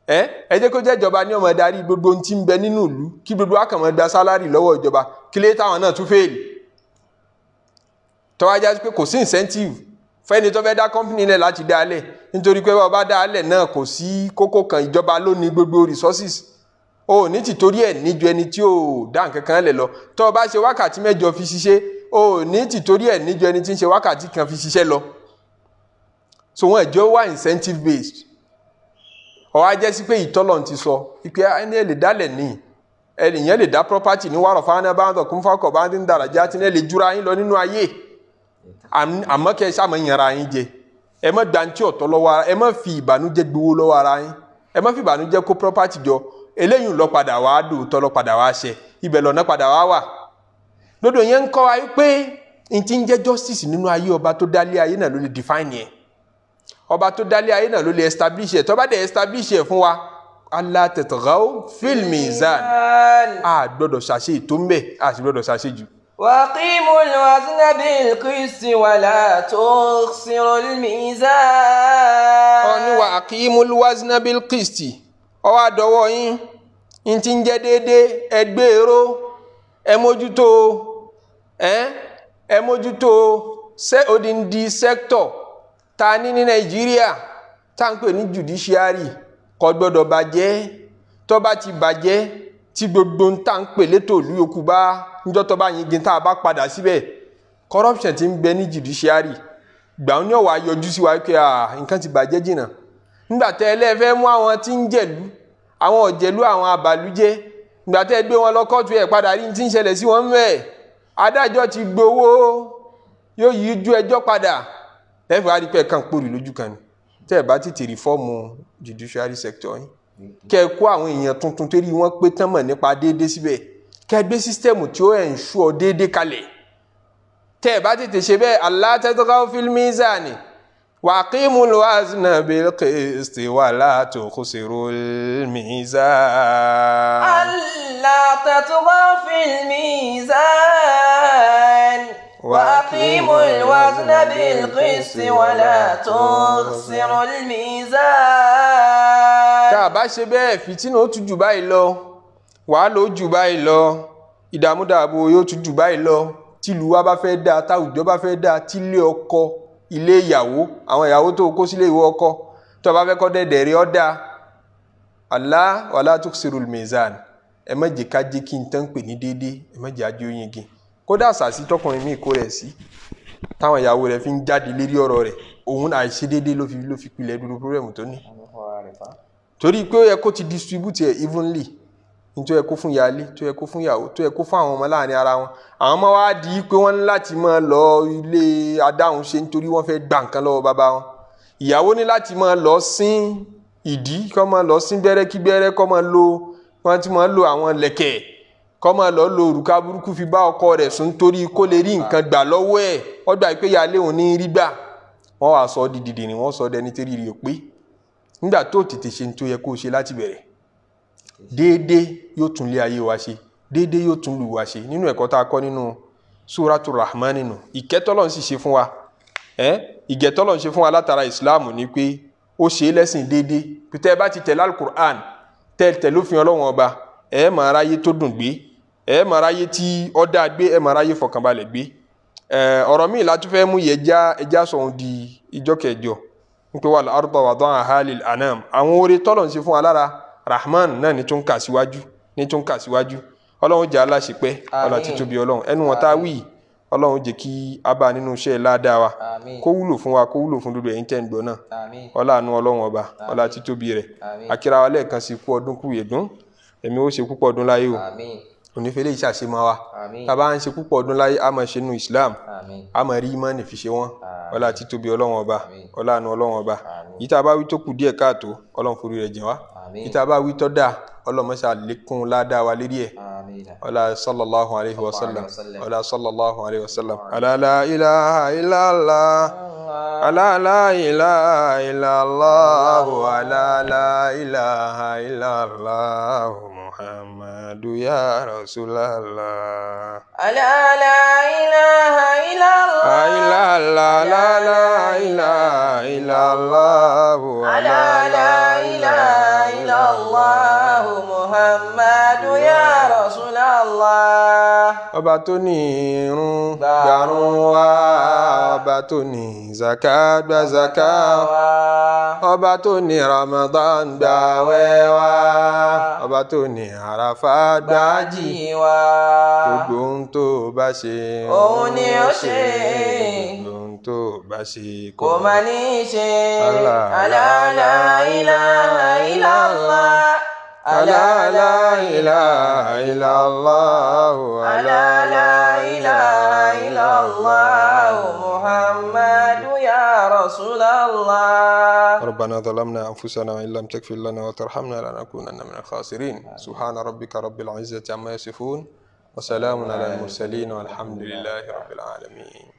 ẹ ẹ jẹ́ kó jẹ́ ìjọba ní ọmọ darí gbogbo ohun tí ń bẹ nínú ìlú kí gbogbo akànmọ́ gba sálárì lọ́wọ́ ìjọba kí lè táwọn náà tún fail tọ́wájá pé kò sí incentive fẹ́ni tó fẹ́ dá company lẹ̀ láti dá a lẹ̀ nítorí pé bá a bá dá a lẹ̀ náà kò sí kókó kan ìjọba ló gbogbo resources o ò ní tìtorí ẹ̀ níjú ẹni tí ò dá nǹkan kan lẹ̀ lọ tó o bá ṣe wákàtí mẹ́jọ fi ṣiṣẹ́ o ò ní tìtorí ẹ̀ níjú ẹni tí ń ṣe wákàtí kan fi ṣiṣẹ́ lọ so wọn ẹ̀jọ́ wà incentive based ọ̀wá jẹ́ sí pé ìtọ́lọ̀ ti sọ ipe ẹni ẹ̀ lè dálẹ̀ níyì ẹnìyẹn lè dá property ní wàrọ̀ fáwọn ẹbá ń tọ̀ kún fáwọn kọ̀ọ̀bá ń dára jẹ́ àti ẹ lè jura yín lọ nínú ayé àmọ́ kẹ́ ẹ sáà mọ̀ yànra yín jẹ ẹ má gba ntí ọ̀tọ̀ ara ẹ má fi ìbànújẹ́ gbowó lọ́wọ́ ara yín ẹ má fi ìbànújẹ́ kó property jọ eléyìí lọ padà wá dòótọ́ lọ padà wá ṣe ibẹ̀ lọ́nà padà wá wà lọ́dọ̀ yẹn ń kọ́ wa pé n ti ń jẹ́ justice nínú ayé ọba tó dálé ayé náà ló lè define yẹn ọba tó dálé ayé náà ló lè establish ẹ̀ tó dẹ̀ establish ẹ̀ fún wa Allah tatghaw fil mizan a gbọ́dọ̀ ṣàṣe ètò ń bẹ̀ a sì gbọ́dọ̀ ṣàṣe jù. وَأَقِيمُوا الْوَزْنَ بِالْقِسْطِ وَلَا تُخْسِرُوا الْمِيزَانَ. ó ní وَأَقِيمُوا الْوَزْنَ بِالْقِسْطِ ọwọ́ àdọ́wọ́ yín yín ti ń jẹ́ déédéé ẹgbẹ́ èrò ẹ mójútó ẹ mójútó odindi sẹ́kítọ̀ ta ní ní nàìjíríà tá à ń pè ní judiciary kò gbọ́dọ̀ bàjẹ́ tó bá ti bàjẹ́ tí gbogbo ń tà ń pè létò ìlú yòókù bá níjọ́ tó bá yingin tá a bá padà síbẹ̀ corruption ti ń bẹ ní judiciary gbàùn ní ọ̀wà yọjú sí wa pé nǹkan ti bàjẹ́ jìnnà nígbàtẹ́ ẹlẹ́fẹ́ mú àwọn tí ń jẹ̀lú àwọn ọ̀jẹ̀lú àwọn àbàlújẹ́ nígbàtẹ́ gbé wọn lọ kóòtù ẹ̀ padà rí tí ń ṣẹlẹ̀ sí wọn mẹ́ẹ̀ adájọ́ ti gbowó yóò yí ju ẹjọ́ padà lẹ́fẹ̀ẹ́ wá kan pé kàn pòrì lójú kan ni tẹ́ ẹ̀ bá tètè rìfọ́ọ̀mù judiciary sector yín kẹ́ ẹ kó àwọn èèyàn tuntun torí wọ́n pé tán mọ̀ nípa déédéé síbẹ̀ kẹ́ ẹ gbé sísítẹ́ẹ̀mù tí ó ensure déédéé kalẹ̀ tẹ́ ẹ̀ bá tètè ṣe bẹ́ẹ̀ Allah tẹ́tọ́ká fil وأقيموا الوزن بالقسط ولا تخسروا الميزان ألا تطغوا في الميزان وأقيموا الوزن بالقسط ولا تخسروا الميزان tá a bá ṣe bẹ́ẹ̀ fìtínà ó tún jù báyìí lọ wàhálà ó jù báyìí lọ ìdààmú dààbò yóò tún jù báyìí lọ tìlú wa bá fẹ́ dáa táwùjọ bá fẹ́ dáa tílé ọkọ ilé ìyàwó àwọn ìyàwó tó kó sílé ìwọ ọkọ tó bá fẹ́ kọ́ dẹ̀dẹ̀ rí ọ́ dáa Allah wala tuksirul mizan ẹ má jẹ́ ká jẹ́ kí n tán pè ní déédéé ẹ má jẹ́ ajé oyingi kódà sàásì tọkùnrin míì kó rẹ̀ sí táwọn ìyàwó rẹ̀ fi ń jáde lérí ọ̀rọ̀ rẹ̀ òun àìṣe déédéé ló fi ló fi pilẹ̀ dúró pírọ̀mù tó ní torí pé ó yẹ kó ti distribute ẹ̀ evenly ní tó yẹ kó fún ìyáálé tó yẹ kó fún ìyàwó tó yẹ kó fún àwọn ọmọ láàrin ara wọn àwọn ọmọ wa di pé wọ́n ní láti máa lọ ilé adáhùn ṣe nítorí wọ́n fẹ́ gbà nǹkan lọ́wọ́ bàbá wọn ìyàwó ní láti máa lọ sín ìdí kó máa lọ sín gbẹ́rẹ́ kí gbẹ́rẹ́ kó máa lo wọ́n ti máa lo àwọn lẹ̀kẹ̀ kó máa lọ lo òrùka burúkú fi bá ọkọ rẹ̀ sùn nítorí kó lè rí nǹkan gbà lọ́wọ́ ẹ̀ ó gbà pé ìyáálé òun ní rí gbà wọ́n wàá sọ ọ́ di dìdìrì wọ́n sọ ọ́ dẹni tí o pé nígbà tó tètè ṣe ní tó yẹ déédéé yóò tún lé ayé wa ṣe déédéé yóò tún lù wá ṣe nínú ẹ̀kọ́ tá a kọ́ nínú suratu rahman nínú ìkẹ́tọ́lọ́ ń sì ṣe fún wa ẹ́ ìgẹ̀tọ́lọ́ ń ṣe fún wa látara ìsìláàmù ni pé ó ṣe é lẹ́sìn déédéé pété ẹ bá ti tẹ̀lé alukur'an tẹ̀ tẹ̀lófin ọlọ́wọ́n ọba ẹ máa ráyé tó dùn gbé ẹ máa ráyé tí ó dáa gbé ẹ máa ráyé fọkànbalẹ̀ gbé ọ̀rọ̀ míì láti fẹ́ mú yẹ já ẹja sọ̀hún di ìjọ kẹjọ nítorí wà lárúbọ̀ wà dán àhálì ànàm àwọn oore tọ́lọ̀ ń ṣe fún wa lára rahman náà ni tún kà síwájú ni tún kà síwájú ọlọ́run jẹ́ aláṣepẹ́ ọlá títóbi ọlọ́run ẹnu wọn tá a wí ọlọ́run jẹ́ kí a bá nínú iṣẹ́ ládàá wa kó wúlò fún wa kó wúlò fún dúdú ẹ̀yin tẹ́ ń gbọ́ náà ọlá àánú ọlọ́run ọba ọlá títóbi rẹ̀ akíra lẹ́ẹ̀kan sí kú ọdún kú yèdún ẹ̀mí ó ṣe púpọ̀ ọdún láyé o onífẹ́lẹ́ yìí wa tá a bá ń ṣe púpọ̀ ọdún láyé a máa ṣe nu islam a máa rí ìmánì fi ṣe wọ́n ọlá títóbi ọlọ́run ọba ọlá àánú ọlọ́run ọba yìí tá a bá wí tó kù díẹ̀ káàtó ọlọ́run forí rẹ̀ jìn wá níta bá wí tọ́ da ọlọ́mọṣà lékún ládàá wa lérí ẹ̀ ọlá sallallahu alayhi wa sallam ọlá sallallahu alayhi wa sallam alala ilaha illallah alala ilaha illallah alala ilaha illallah. محمد يا رسول الله لا لا إله إلا الله لا لا لا إله إلا الله لا لا إله إلا الله محمد يا رسول Allah. ọba tó ní irun gbàrún wa ọba tó ní zaka gba zaka wa ọba tó ní Ramadan gbàwẹ̀ wa ọba tó ní Àràfà gbàjì wa gbogbo ohun tó bá ṣe òun ni ó ṣe gbogbo ohun tó bá ṣe kò má ní í ṣe Allah la ilaha illallah. ألا لا إله إلا الله ألا لا إله إلا الله محمد يا رسول الله ربنا ظلمنا أنفسنا وإن لم تكفر لنا وترحمنا لنكونن من الخاسرين سبحان ربك رب العزة عما يصفون وسلام على المرسلين والحمد لله رب العالمين